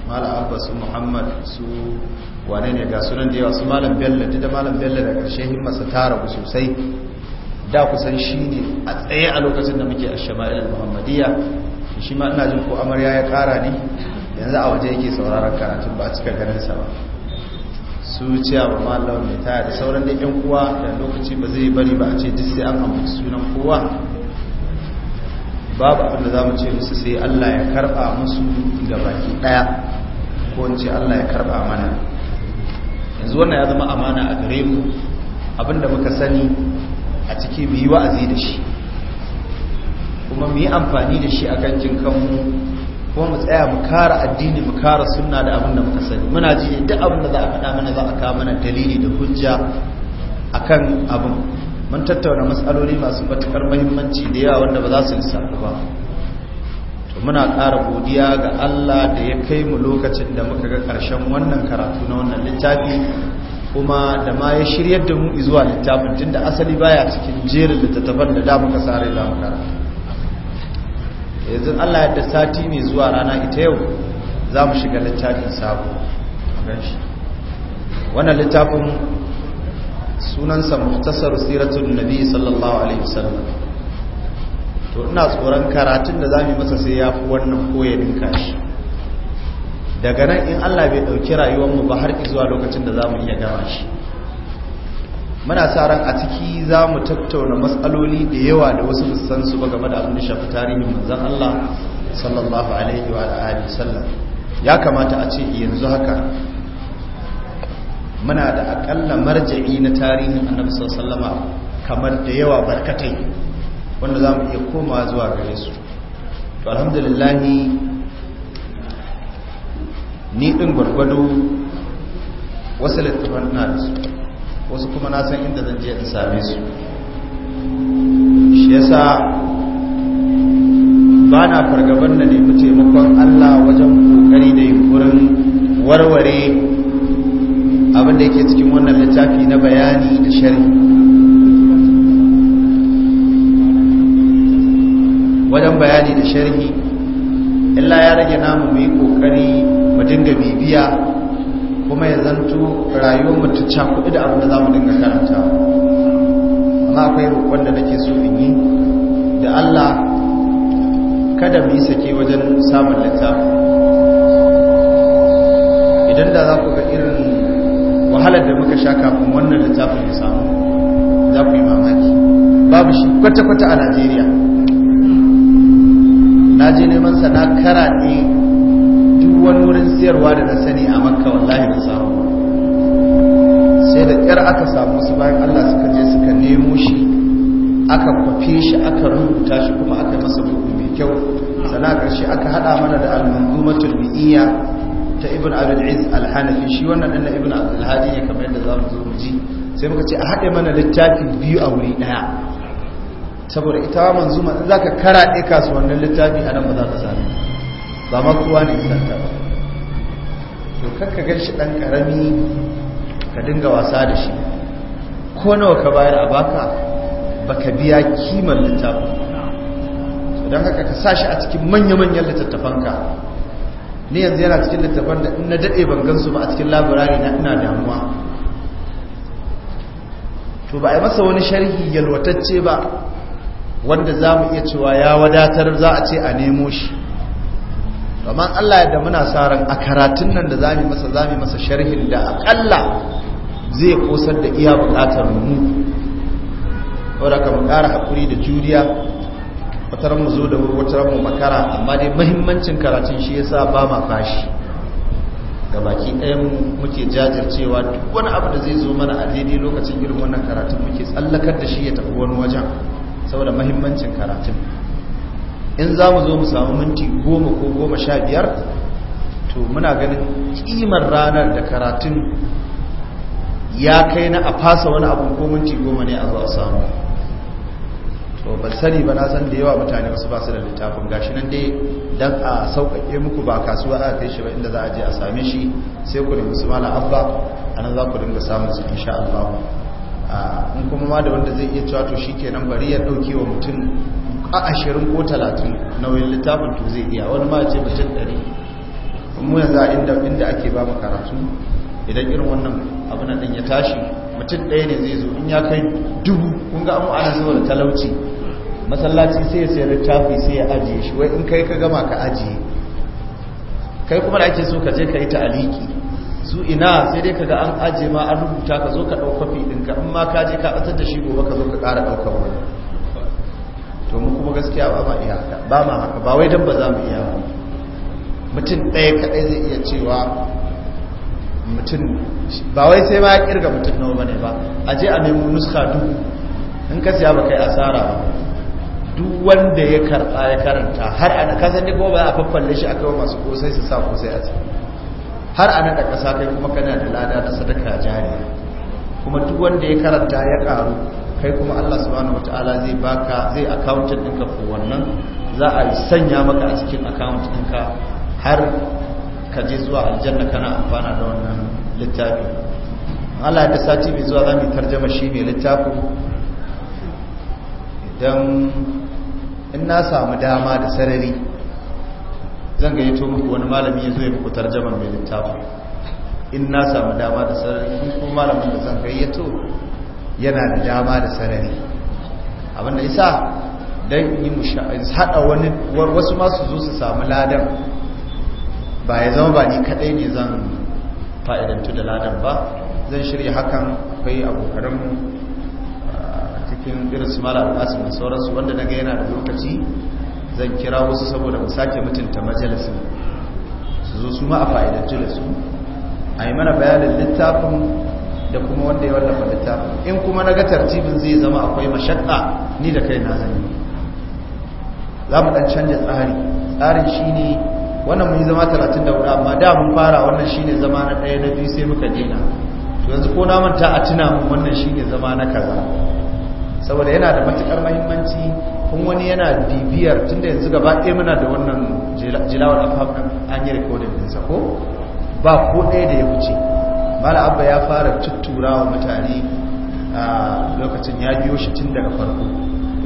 [SPEAKER 1] mala abba muhammad su wane ne ga sunan da yawa su malam bello da malam bello da karshe himmarsa ta ragu sosai da kusan shi ne a tsaye a lokacin da muke a shama'il muhammadiyya shi ma ina jin ko amarya ya kara ne yanzu a waje yake sauraron karatun ba cika sa ba su ciya ba mallau mai taya da sauran da yan kuwa da lokaci ba zai bari ba a ce jisai sai an amfani sunan kowa babu abinda za mu ce musu sai allah ya karba musu da baki daya ko in ce allah ya karba mana yanzu wannan ya zama amana a gare mu abinda muka sani a ciki mu wa'azi da shi kuma mu yi amfani da shi a kan jin kanmu kuma mu tsaya mu kara addini mu kara sunna da abin da muka sani muna ji duk abin da za a faɗa mana za a kawo mana dalili da hujja akan abin mun tattauna matsaloli masu matukar mahimmanci da yawa wanda ba za su lissafi ba to muna ƙara godiya ga Allah da ya kai mu lokacin da muka ga ƙarshen wannan karatu na wannan littafi kuma da ma ya shiryar da mu zuwa littafin tunda asali baya cikin jerin littattafan da da muka sare da muka karatu yanzu Allah ya sati mai zuwa rana ita yau za mu shiga littafin sabo wannan littafin sunansa muhtasar siratun nabi sallallahu alaihi wasallam to ina tsoron karatun da za mu masa sai ya fi wannan koyarin kashi daga nan in Allah bai ɗauki rayuwar mu ba har zuwa lokacin da za mu iya gama shi muna sa ran a ciki za mu tattauna matsaloli da yawa da wasu musansu su ba game da abin da shafi tarihin manzan Allah sallallahu alaihi wa alihi sallam ya kamata a ce yanzu haka muna da akalla marja'i na tarihin annabi sallallahu alaihi kamar da yawa barkatai wanda za mu iya koma zuwa gare su to alhamdulillah ni din gwargwado wasu littafan na da su wasu kuma na san inda zan je in same su shi yasa ba na fargaban na nemi taimakon Allah wajen kokari da yunkurin warware abin da yake cikin wannan littafi na bayani da sharhi wajen bayani da sharhi illa ya rage namu mu yi kokari mu dinga bibiya kuma ya zanto rayuwar mu ta kuɗi da abin da za mu dinga karanta amma akwai wanda da nake so in yi da Allah kada mu yi sake wajen samun littafi idan da za ku ga irin wahalar da muka sha kafin wannan littafin ya samu za ku yi mamaki
[SPEAKER 2] babu shi kwata-kwata a Najeriya
[SPEAKER 1] na je neman sana karaɗe wani wurin siyarwa da na sani a makka wallahi da samu sai da kyar aka samu su bayan allah suka je suka nemo shi aka kwafe shi aka rubuta shi kuma aka masa bugu mai kyau sana karshe aka hada mana da al-manzumatul bi'iyya ta ibn abdul aziz al-hanafi shi wannan na ibn abdul hadi ne kamar yadda mu zo mu ji sai muka ce a haɗe mana littafi biyu a wuri daya saboda ita manzuma in kara karaɗe kasuwannin littafi a nan ba za ka sami ba ma kowa ne santa kakka gan shi ɗan karami ka dinga wasa da shi ko nawa ka bayar a baka baka biya kimar littafin so dan haka ka sa shi a cikin manya-manyan littattafanka ni yanzu yana cikin littafan da na daɗe ban gan su ba a cikin laburari na ina damuwa to ba a yi masa wani sharhi yalwatacce ba wanda za mu iya cewa ya wadatar za a ce a nemo shi amma Allah da muna sa ran a karatun nan da zamu masa zamu masa sharhin da akalla zai kosar da iya bukatar mu saboda ka ƙara hakuri da juriya watar mu zo da wataran mu makara amma dai muhimmancin karatun shi yasa ba ma fashi ga baki ɗayan muke jajircewa duk wani abu da zai zo mana a daidai lokacin irin wannan karatun muke tsallakar da shi ya tafi wani wajen saboda muhimmancin karatun in za mu zo mu samu minti goma ko goma sha biyar to muna ganin kimar ranar da karatun ya kai na a fasa wani abu ko minti goma ne a zuwa samu to ban sani ba na san da yawa mutane wasu ba su da littafin gashi nan dai don a sauƙaƙe muku ba kasuwa a kai shi ba inda za a je a same shi sai ku dinga su mala abba a nan za ku dinga samun su insha Allah ah, in kuma ma da wanda zai iya cewa to nan bari ya ɗauki wa mutum a ashirin ko talatin nauyin littafin to zai iya wani ma ce mutum ɗari mu yanzu a inda inda ake ba mu karatu idan irin wannan abu na ya tashi mutum ɗaya ne zai zo in ya kai dubu kun ga amma ana saboda talauci masallaci sai ya sayar littafi sai ya ajiye shi wai in kai ka gama ka ajiye kai kuma da ake so ka je ka yi ta'aliki su ina sai dai ka ga an ajiye ma an rubuta ka zo ka ɗau kwafi ɗinka in ma ka je ka ɓatar da shi gobe ka zo ka ƙara ɗaukar wani to mu kuma gaskiya ba ma iya haka ba ma haka ba wai dan ba za mu iya ba mutum ɗaya kaɗai zai iya cewa mutum ba wai sai ba ya kirga mutum nawa bane ba a je a nemo nuska dubu in ka siya ba kai asara ba duk wanda ya karɓa ya karanta har ana ka san kuma ba a faffalle shi akai masu sai su sa sai a ci har a naɗa ƙasa kai kuma kana da lada da sadaka jari kuma duk wanda ya karanta ya ƙaru kai kuma Allah subhanahu wataala zai baka zai account ɗinka ko wannan za a sanya maka a cikin account ɗinka har ka je zuwa aljanna kana amfana da wannan littafi Allah da sati mai zuwa za mu tarjama shi mai littafin idan in na samu dama da sarari zan gayyato muku wani malami ya zo ya muku tarjaman mai littafin in na samu dama da sarari kuma malamin da zan gayyato yana da dama da sarari abinda isa don yi haɗa wani wasu masu zo su samu ladan ba ya zama ba ni kaɗai ne zan fa'idantu da ladan ba zan shirya hakan akwai a cikin irin su mara al'asim da sauransu wanda na gaya yana da lokaci zan kira wasu saboda mu sake mutunta majalisun su zo su ma a fa'idantu da su a yi mana bayanin littafin da kuma wanda ya wallafa littafin in kuma na ga tartibin zai zama akwai mashakka ni da kai na zanyi za mu dan canja tsari tsarin shi ne wannan mun yi zama 34 amma da mun fara wannan shi ne zama na ɗaya na biyu sai muka dina to yanzu ko na manta a tuna mun wannan shi ne zama na kaza saboda yana da matukar mahimmanci kun wani yana bibiyar tunda yanzu gaba ɗaya muna da wannan jilawar afafan an yi rikodin ɗinsa ko ba ko ɗaya da ya wuce mala abba ya fara tuttura wa mutane a lokacin ya biyo shi tun daga farko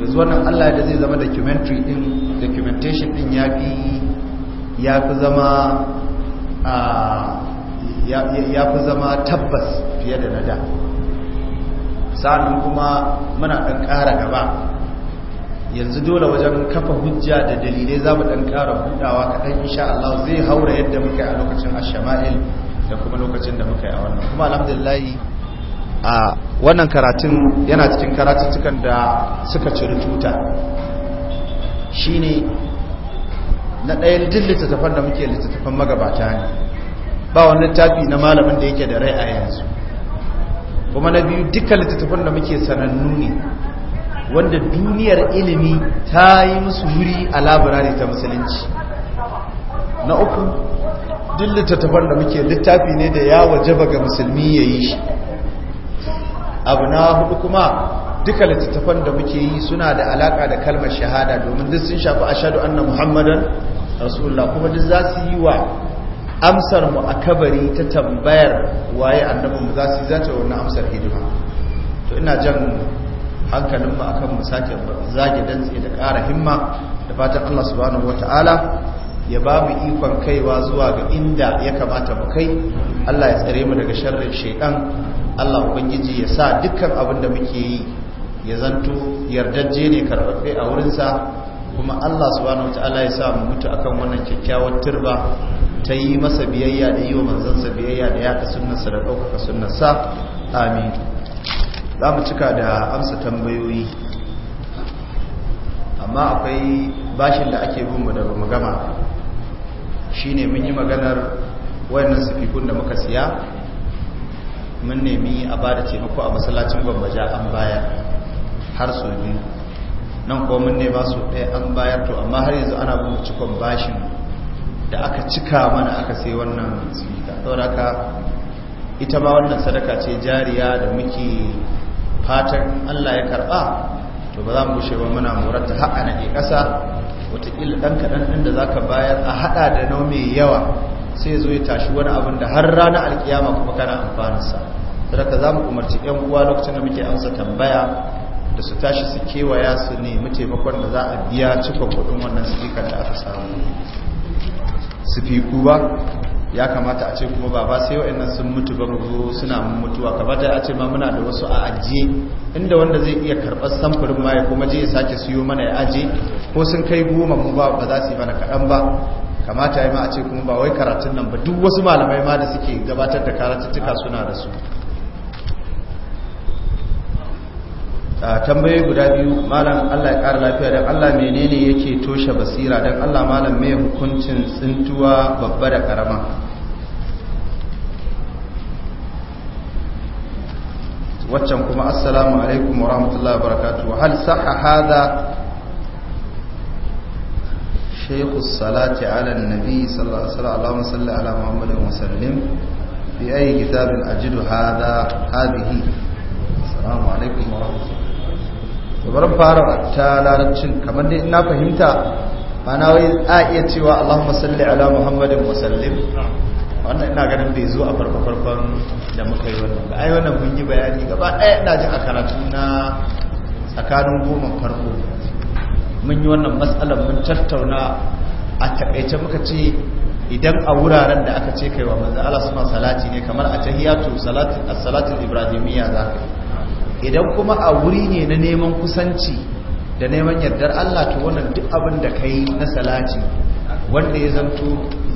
[SPEAKER 1] yanzu wannan allah da zai zama documentary din documentation din ya fi zama ya fi zama tabbas fiye da na da kuma muna ɗan ƙara gaba yanzu dole wajen kafa hujja da dalilai za mu ɗan ƙara hudawa kaɗan insha Allah zai haura yadda muka a lokacin ashama'il da kuma lokacin da muka yi a wannan kuma alhamdulillah a wannan karatun yana cikin cikin da suka ciri tuta shine na ɗayan duk littattafan da muke littattafan magabata ne ba wani tafi na malamin da yake da rai a yanzu kuma na biyu duka littattafan da muke sanannu ne wanda duniyar ilimi ta yi musu wuri a labirari ta musulunci na uku duk littattafan da muke littafi ne da ya wajaba ga musulmi ya yi shi abu na hudu kuma duka littattafan da muke yi suna da alaka da kalmar shahada domin duk sun shafi ashadu anna muhammadan rasulullah kuma duk za su yi wa amsar mu a kabari ta tambayar waye annabin mu za su yi zata wani amsar hidima to ina jan hankalin mu akan mu sake zage dantse da ƙara himma da fatan Allah subhanahu wataala ya ba mu ikon kaiwa zuwa ga inda ya kamata mu kai Allah ya tsare mu daga sharrin shaidan Allah ubangiji ya sa dukkan abin da muke yi ya zanto yardajje ne karfafe a wurinsa kuma Allah subhanahu wataala ya sa mu mutu akan wannan kyakkyawar turba ta yi masa biyayya da yi wa sa biyayya da sunnar sa da sunnar sa amin za mu cika da amsa tambayoyi amma akwai bashin da ake bin mu da mu gama Shi ne mun yi maganar wayannan sifikun da muka siya mun nemi a bada taimako a masallacin gwambaja an bayar har su biyu nan ko mun nema su ɗaya an bayar to amma har yanzu ana bin cikon bashin da aka cika mana aka sai wannan sifika saboda haka ita ma wannan sadaka ce jariya da muke fatan Allah ya karɓa to ba za mu gushe ba muna murata har a nake ƙasa watakila ɗan kaɗan ɗin da za ka bayar a haɗa da nau mai yawa sai zo ya tashi wani abin da har ranar alkiyama kuma kana amfaninsa ka za mu umarci ƴan uwa lokacin da muke amsa tambaya da su tashi su kewaya su nemi taimakon da za a biya cikon kudin wannan sifika da aka samu sifiku ba ya kamata a ce kuma ba ba sai wa'annan sun mutu ba mu suna mutuwa kamata a ce ma muna da wasu a ajiye inda wanda zai iya karɓar samfurin ma ya kuma je ya sake siyo mana ya ajiye ko sun kai goma mu ba ba za su yi mana kaɗan ba kamata ya ma a ce kuma ba wai karatun nan ba duk wasu malamai ma da suke gabatar da karatuttuka suna da su tambayoyi guda biyu malam Allah ya ƙara lafiya don Allah menene yake toshe basira don Allah malam mai hukuncin tsintuwa babba da ƙarama waccan kuma assalamu alaikum wa rahmatullahi hal saha hada shaykhu salati ala nabi sallallahu alaihi ala muhammadin bi ayi kitabin ajidu hada assalamu alaikum wa rahmatullahi kamar fara ta larancin kamar ne ina fahimta ana wai a iya cewa Allahumma salli ala Muhammadin wa sallim wannan ina ganin bai zo a farko farkon da muka yi wannan ai wannan mun yi bayani gaba ɗaya ina ji a karatu na tsakanin goma farko mun yi wannan matsalar mun tattauna a takaice muka ce idan a wuraren da aka ce kaiwa manzo Allah suna salati ne kamar a tahiyatu salatin as-salatin ibrahimiyya ka yi idan kuma a wuri ne na neman kusanci da neman yardar Allah to wannan duk abin da kai na salati wanda ya zanto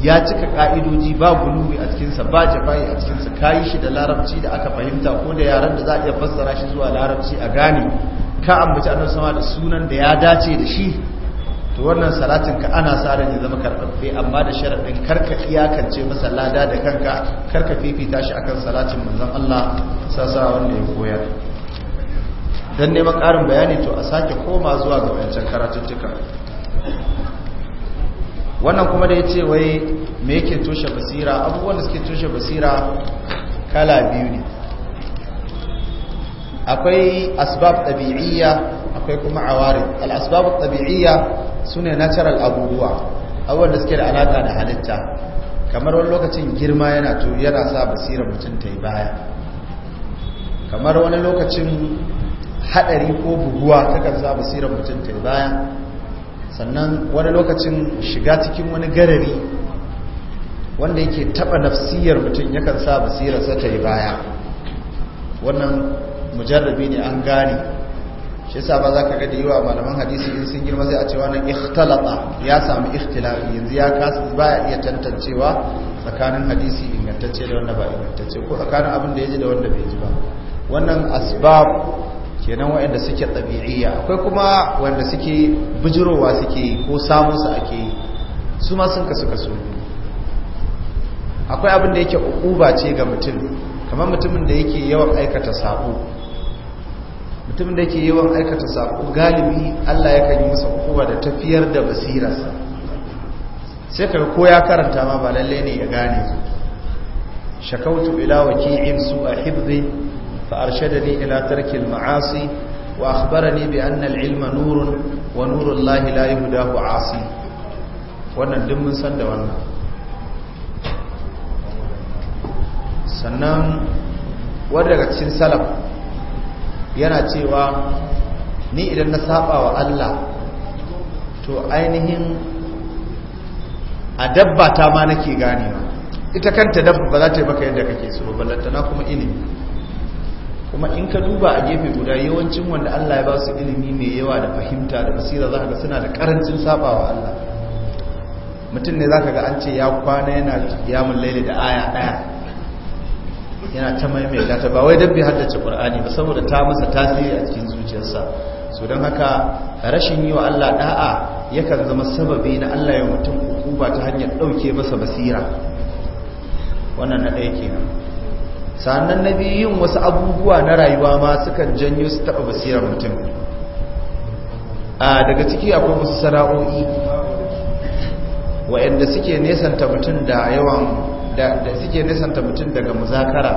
[SPEAKER 1] ya cika ka'idoji ba gulubi a cikinsa ba jafayi a cikinsa ka yi shi da larabci da aka fahimta ko da yaren da za a iya fassara shi zuwa larabci a gane ka ambaci annabi sama da sunan da ya dace da shi to wannan salatin ka ana sa ran ya zama karɓaɓɓe amma da sharaɗin karka iyakance masa lada da kanka karka fifita shi akan salatin manzon Allah sasa wanda ya koyar don neman ƙarin bayani to a sake koma zuwa ga wancan karatuttuka wannan kuma da ya ce wai me yake toshe basira abubuwan da suke toshe basira kala biyu ne akwai asbab ɗabi'iyya akwai kuma awari al'asbab ɗabi'iyya su ne natural abubuwa abubuwan da suke da alaƙa da halitta kamar wani lokacin girma yana to sa basirar mutum ta yi baya kamar wani lokacin Haɗari ko buguwa ta sa basirar mutum ta baya sannan wani lokacin shiga cikin wani garari wanda yake taba nafsiyar mutum ya yakan sa basirarsa ta baya wannan mujarrabi ne an gane shi sa ba za ka gada da wa malaman hadisi in sun girma sai a cewa nan ikhtalata ya samu ikhtilafi yanzu ya kasa ya iya tantancewa tsakanin hadisi ingantacce da wanda ba ingantacce ko tsakanin abin da ya ji da wanda bai ji ba wannan asbab kenan wanda suke ɗabi'iyya akwai kuma wanda suke bijirowa suke yi ko samunsu ake yi su ma sun kasu kasu akwai abin da yake uba ce ga mutum kamar mutumin da yake yawan aikata mutumin da yake yawan aikata sako galibi allah ya kan yi masa uba da tafiyar da basirarsa sai ka ko ya karanta ma ba lalle ne ya gane shakautu ila waki'in su a hibzi فأرشدني إلى ترك المعاصي وأخبرني بأن العلم نور ونور الله لا يهداه عاصي wannan duk mun san da wannan sannan wadda cikin salaf yana cewa ni idan na saba wa Allah to ainihin a dabba ta ma nake ganewa ita kanta dabba ba za ta yi maka yadda kake so ballantana kuma ilimi kuma in ka duba a gefe guda yawancin wanda Allah ya ba su ilimi mai yawa da fahimta da basira za ga suna da karancin sabawa Allah mutum ne za ka ga an ce ya kwana yana yamun laili da aya ɗaya yana ta maimaita ta ba wai dabbe haddace ƙur'ani ba saboda ta masa tasiri a cikin zuciyarsa so don haka rashin yi wa Allah da'a yakan zama sababi na Allah ya mutum ba ta hanyar ɗauke masa basira wannan na ɗaya kenan sannan na biyu yin wasu abubuwa na rayuwa ma sukan janyo su taɓa basirar mutum a daga ciki akwai wasu sana'o'i wa'anda suke nesanta mutum da yawan da suke nesanta mutum daga muzakara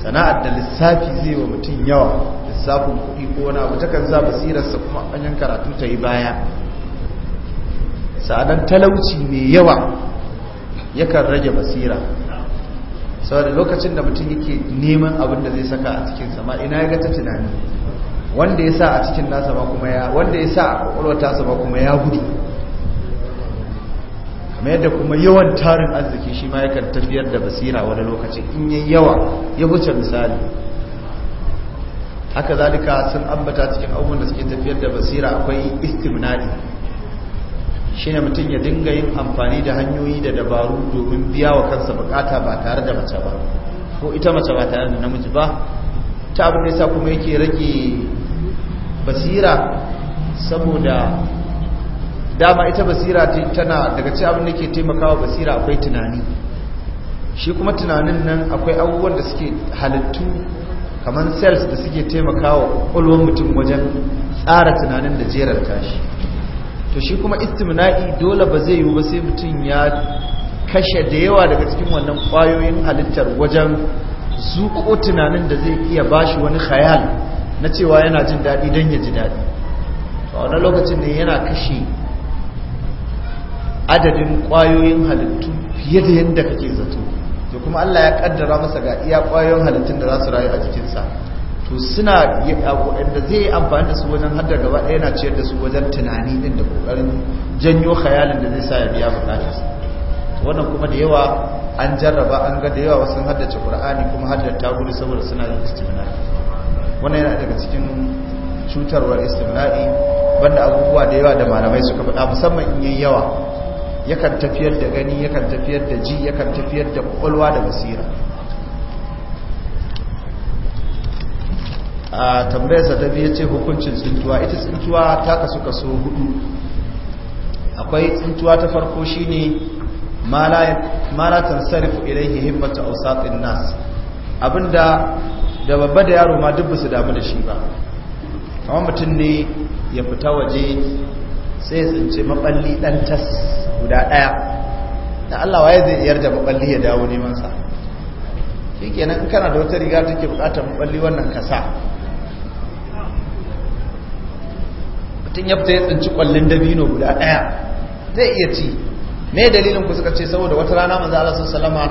[SPEAKER 1] sana'ar da lissafi zai wa mutum yawa lissafin kuɗi ko wani abu takan za basirarsa kuma hanyar karatu ta yi baya sa'adar talauci mai yawa yakan rage basira saboda lokacin da mutum yake neman abin da zai saka a cikin sama ina ya ga ta tunani wanda ya sa a cikin nasa ba kuma ya wanda ya sa a kwakwalwata tasa ba kuma ya gudu kamar yadda kuma yawan tarin arziki shi ma yakan tafiyar da basira wani lokaci in yi yawa ya wuce misali haka zalika sun ambata cikin abubuwan da suke tafiyar da basira akwai istimnadi shine mutum ya dinga yin amfani da hanyoyi da dabaru domin biya wa kansa bukata ba tare da mace ba ko ita mace ba tare da namiji ba ta abin da sa kuma yake rage basira saboda dama ita basira tana daga ci abin da ke taimakawa basira akwai tunani shi kuma tunanin nan akwai abubuwan da suke halittu kamar cells da suke taimakawa kwallon mutum wajen tsara tunanin da jerar tashi to shi kuma istimna'i dole ba zai yiwu ba sai mutum ya kashe da yawa daga cikin wannan kwayoyin halittar wajen zuƙo tunanin da zai iya bashi wani khayal na cewa yana jin daɗi don ya ji daɗi a wani lokacin da yana kashe adadin ƙwayoyin halittu fiye da yadda kake zato to kuma Allah ya kaddara masa ga iya kwayoyin halittun da za su rayu a jikinsa to suna da zai yi amfani da su wajen haddar gaba ɗaya na ciyar da su wajen tunani ɗin da ƙoƙarin janyo khayalin da zai sa ya biya su, wannan kuma da yawa an jarraba an ga da yawa wasu haddace ƙur'ani kuma haddar ta guri saboda suna yin istimna'i wannan yana daga cikin cutarwar istimna'i banda abubuwa da yawa da malamai suka faɗa musamman in yi yawa yakan tafiyar da gani yakan tafiyar da ji yakan tafiyar da ƙwaƙwalwa da basira a tambayarsa ta ya ce hukuncin tsintuwa ita tsintuwa ta kasu kaso hudu akwai tsintuwa ta farko shi ne ma la tansarifu ilaihi himmatu usafin nas abinda da babba da yaro ma duk su damu da shi ba kamar mutum ne ya fita waje sai ya tsince maballi dan tas guda ɗaya da Allah waye zai yarda maballi ya dawo neman sa kenan in kana da wata riga take bukatar maballi wannan kasa tun ya fita ya tsinci kwallon dabino guda ɗaya zai iya ci me dalilin ku suka ce saboda wata rana maza ala sun salama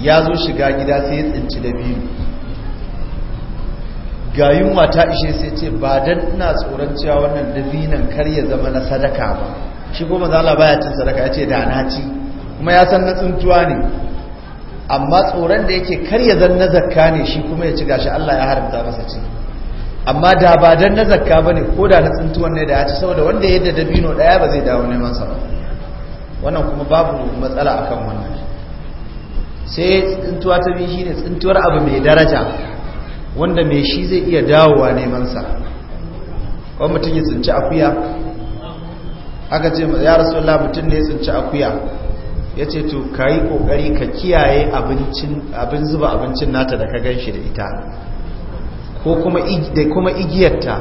[SPEAKER 1] ya zo shiga gida sai ya tsinci dabino ga yunwa ta ishe sai ce ba dan ina tsoron cewa wannan dabinon kar ya zama na sadaka ba shi ko manzo Allah baya cin sadaka ya ce da na ci kuma ya san na tsintuwa ne amma tsoron da yake kar ya zan na zakka ne shi kuma ya ci gashi Allah ya haramta masa ci amma da ba dan na zakka bane ko da na tsintuwan ne da ya ci saboda wanda yadda dabino daya ba zai dawo neman sa ba wannan kuma babu matsala akan wannan sai tsintuwa ta biyu shine tsintuwar abu mai daraja wanda mai shi zai iya dawowa neman sa kuma mutum ya tsinci akuya aka ce ya rasulullah mutum ne ya tsinci akuya ya ce to ka yi ƙoƙari ka kiyaye abin zuba abincin nata da ka gan shi da ita ko kuma igiyarta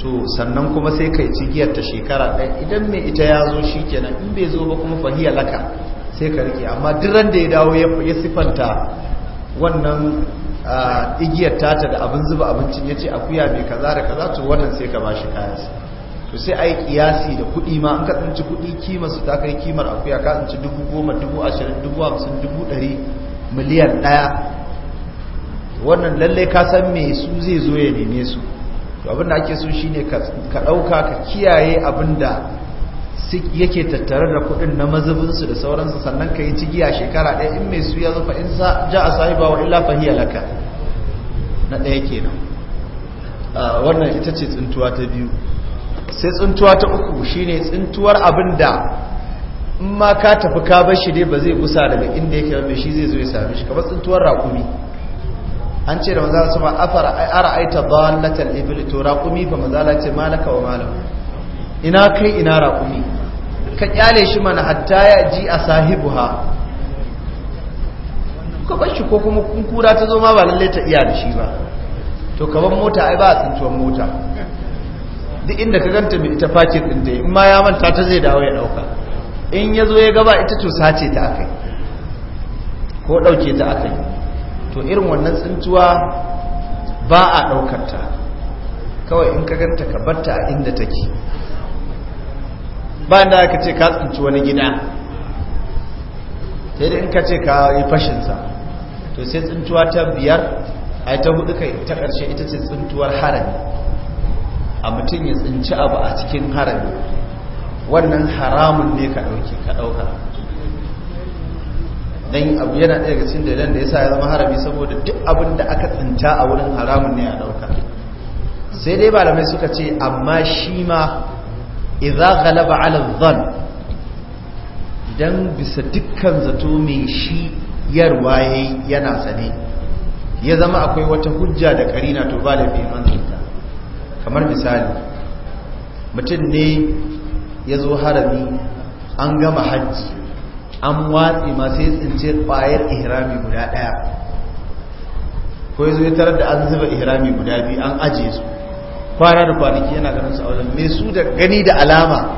[SPEAKER 1] to sannan kuma sai kai ci giyarta shekara ɗaya idan mai ita ya zo shi kenan in bai zo ba kuma fahiyar laka sai ka rike amma duran da ya dawo ya sifanta wannan ah, igiyar ta da abin zuba abincin ya ce akuya mai kaza da kaza to wannan sai ka ba shi kayansa to sai a yi kiyasi da kuɗi ma an ka kuɗi kima su ta kai kimar akuya ka tsinci dubu goma dubu ashirin dubu hamsin dubu ɗari miliyan ɗaya wannan lalle ka san me su zai zo ya neme su to abin da ake so shine ka dauka ka kiyaye abin da yake tattare da kudin na mazubin su da sauransu sannan ka yi cigiya shekara ɗaya in me su ya zo fa in sa ja a sahiba wa illa fahiya laka na ɗaya kenan wannan ita ce tsintuwa ta biyu sai tsintuwa ta uku shine tsintuwar abinda in ma ka tafi ka bar shi dai ba zai gusa daga inda yake wanda shi zai zo ya same shi kamar tsintuwar rakumi an ce da maza su ma ara aita dalatal ibil to raqumi fa maza ce malaka wa malam ina kai ina raqumi ka kyale shi mana hatta ya ji a sahibuha ka ba shi ko kuma kun kura ta zo ma ba lalle ta iya da shi ba to ban mota ai ba tsintuwan mota duk inda ka ganta mai ita fakin din dai in ma ya manta ta zai dawo ya dauka in ya zo ya gaba ita to sace ta akai ko dauke ta akai to irin wannan tsintuwa ba a ɗaukarta kawai in ka ganta ka batta a inda take ba da aka ce ka tsinci wani gida sai da in ka ce ka yi fashinsa to sai tsintuwa ta biyar a ta hudu kai ta ƙarshe ita ce tsintuwar harami a mutum ya tsinci abu a cikin harami wannan haramun ne ka ɗauki ka ɗauka dan abu yana daya daga cikin dalilan da yasa ya zama harami saboda duk abin da aka tsinta a wurin haramun ne a dauka sai dai malamai suka ce amma shi ma idza ghalaba ala dhann dan bisa dukkan zato me shi yarwa yayi yana sane ya zama akwai wata hujja da karina to ba laifi manzanta kamar misali mutum ne ya zo harami an gama hajji an watsi masu yi tsince ƙwayar ihrami guda ɗaya ko zai tarar da an zuba ihrami guda biyu an ajiye su kwana da kwanaki yana ganin su a wajen mai su da gani da alama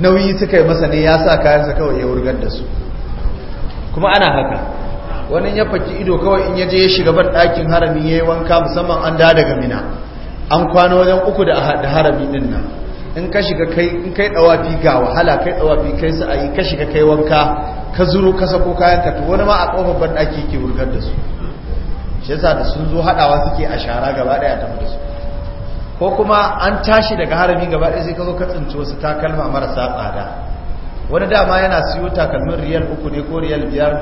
[SPEAKER 1] nauyi suka yi masa ne ya sa kayansa kawai ya wurgar da su kuma ana haka wani ya faki ido kawai in ya je ya shiga ban ɗakin harami ya yi wanka musamman an da daga mina an kwana wajen uku da harami ɗin nan in ka shiga kai in kai dawafi ga wahala kai dawafi kai su ayi ka shiga kai wanka ka zuro ka sako kayan ka to wani ma a kofar ban daki yake wurgar da su shi yasa da sun zo hadawa suke a shara gaba daya ta da su ko kuma an tashi daga harami gaba daya sai ka zo ka tsinci wasu takalma marasa tsada wani dama yana siyo takalmin riyal uku ne ko riyal biyar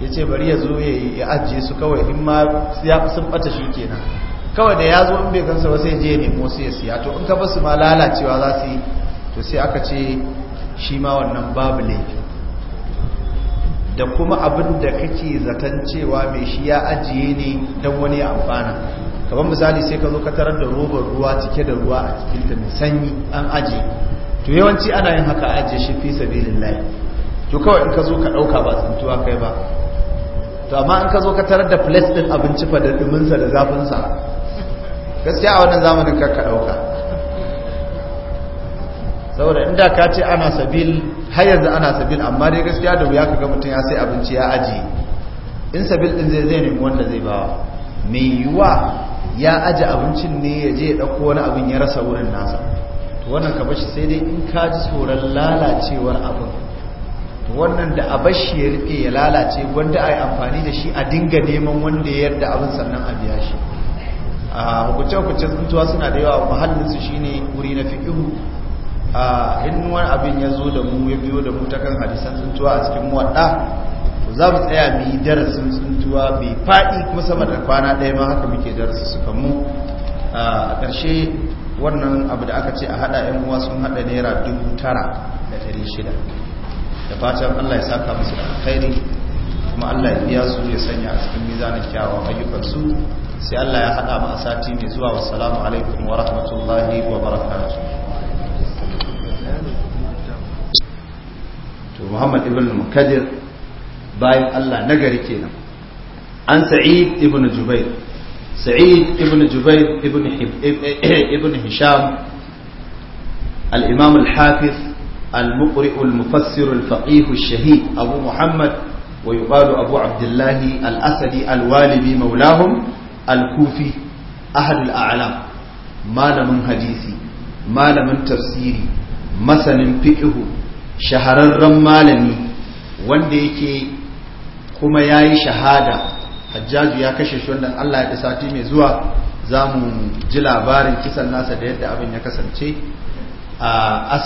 [SPEAKER 1] ya ce bari ya zo ya ajiye su kawai in ma sun bata shi kenan kawai da ya zo in bai gansa ba sai je ne sai ya siya to in ka basu ma lalacewa za su yi to sai aka ce shi ma wannan babu laifi da kuma abin da kake zaton cewa mai shi ya ajiye ne don wani amfana kaban misali sai ka zo ka tarar da robar ruwa cike da ruwa a cikin ta mai sanyi an ajiye to yawanci ana yin haka ajiye shi fi sabilin to kawai in ka zo ka ɗauka ba tsintuwa kai ba to amma in ka zo ka tarar da plate din abinci fa da ɗuminsa da zafin sa. gaskiya a wannan zamanin ka ɗauka saboda inda ka ce ana sabil har yanzu ana sabil amma dai gaskiya da wuya ka ga mutum ya sai abinci ya aji in sabil ɗin zai zai nemi wanda zai bawa mai yiwuwa ya aji abincin ne ya je ya ɗauko wani abin ya rasa wurin nasa to wannan ka bashi sai dai in ka ji tsoron lalacewar abin wannan da a bashi ya riƙe ya lalace wanda a yi amfani da shi a dinga neman wanda ya yarda abin sannan a biya shi A hukuce hukuncen tuntuwa suna da yawa mahallinsu shine wuri na fikihu a wani abin ya zo da mu ya biyo da mu ta kan hadisan tuntuwa a cikin muwadda to za mu tsaya mu yi darasin tsuntuwa bai faɗi kuma sama da kwana ɗaya ma haka muke darasi su kanmu a ƙarshe wannan abu da aka ce a haɗa ‘yan uwa sun haɗa naira dubu tara da ɗari shida da fatan allah ya saka musu da alkhairi kuma allah ya biya su ya sanya a cikin mizanin kyawawan ayyukansu sai Allah ya haɗa mu a sati mai zuwa wassalamu alaikum wa rahmatullahi wa barakatuh to Muhammad ibn Mukadir bayan Allah nagari kenan an Sa'id ibn Jubair Sa'id ibn Jubair ibn ibn Hisham al-Imam al-Hafiz المقرئ المفسر الفقيه الشهيد أبو محمد ويقال أبو عبد الله الأسدي الوالبي مولاهم Alkufi, kufi ahadul a'lam malamin hadisi malamin tafsiri masanin fiqhu shahararren malami wanda yake kuma yayi shahada hajjaju ya kashe shi wannan Allah ya da sati mai zuwa zamu ji labarin kisan nasa da yadda abin ya kasance a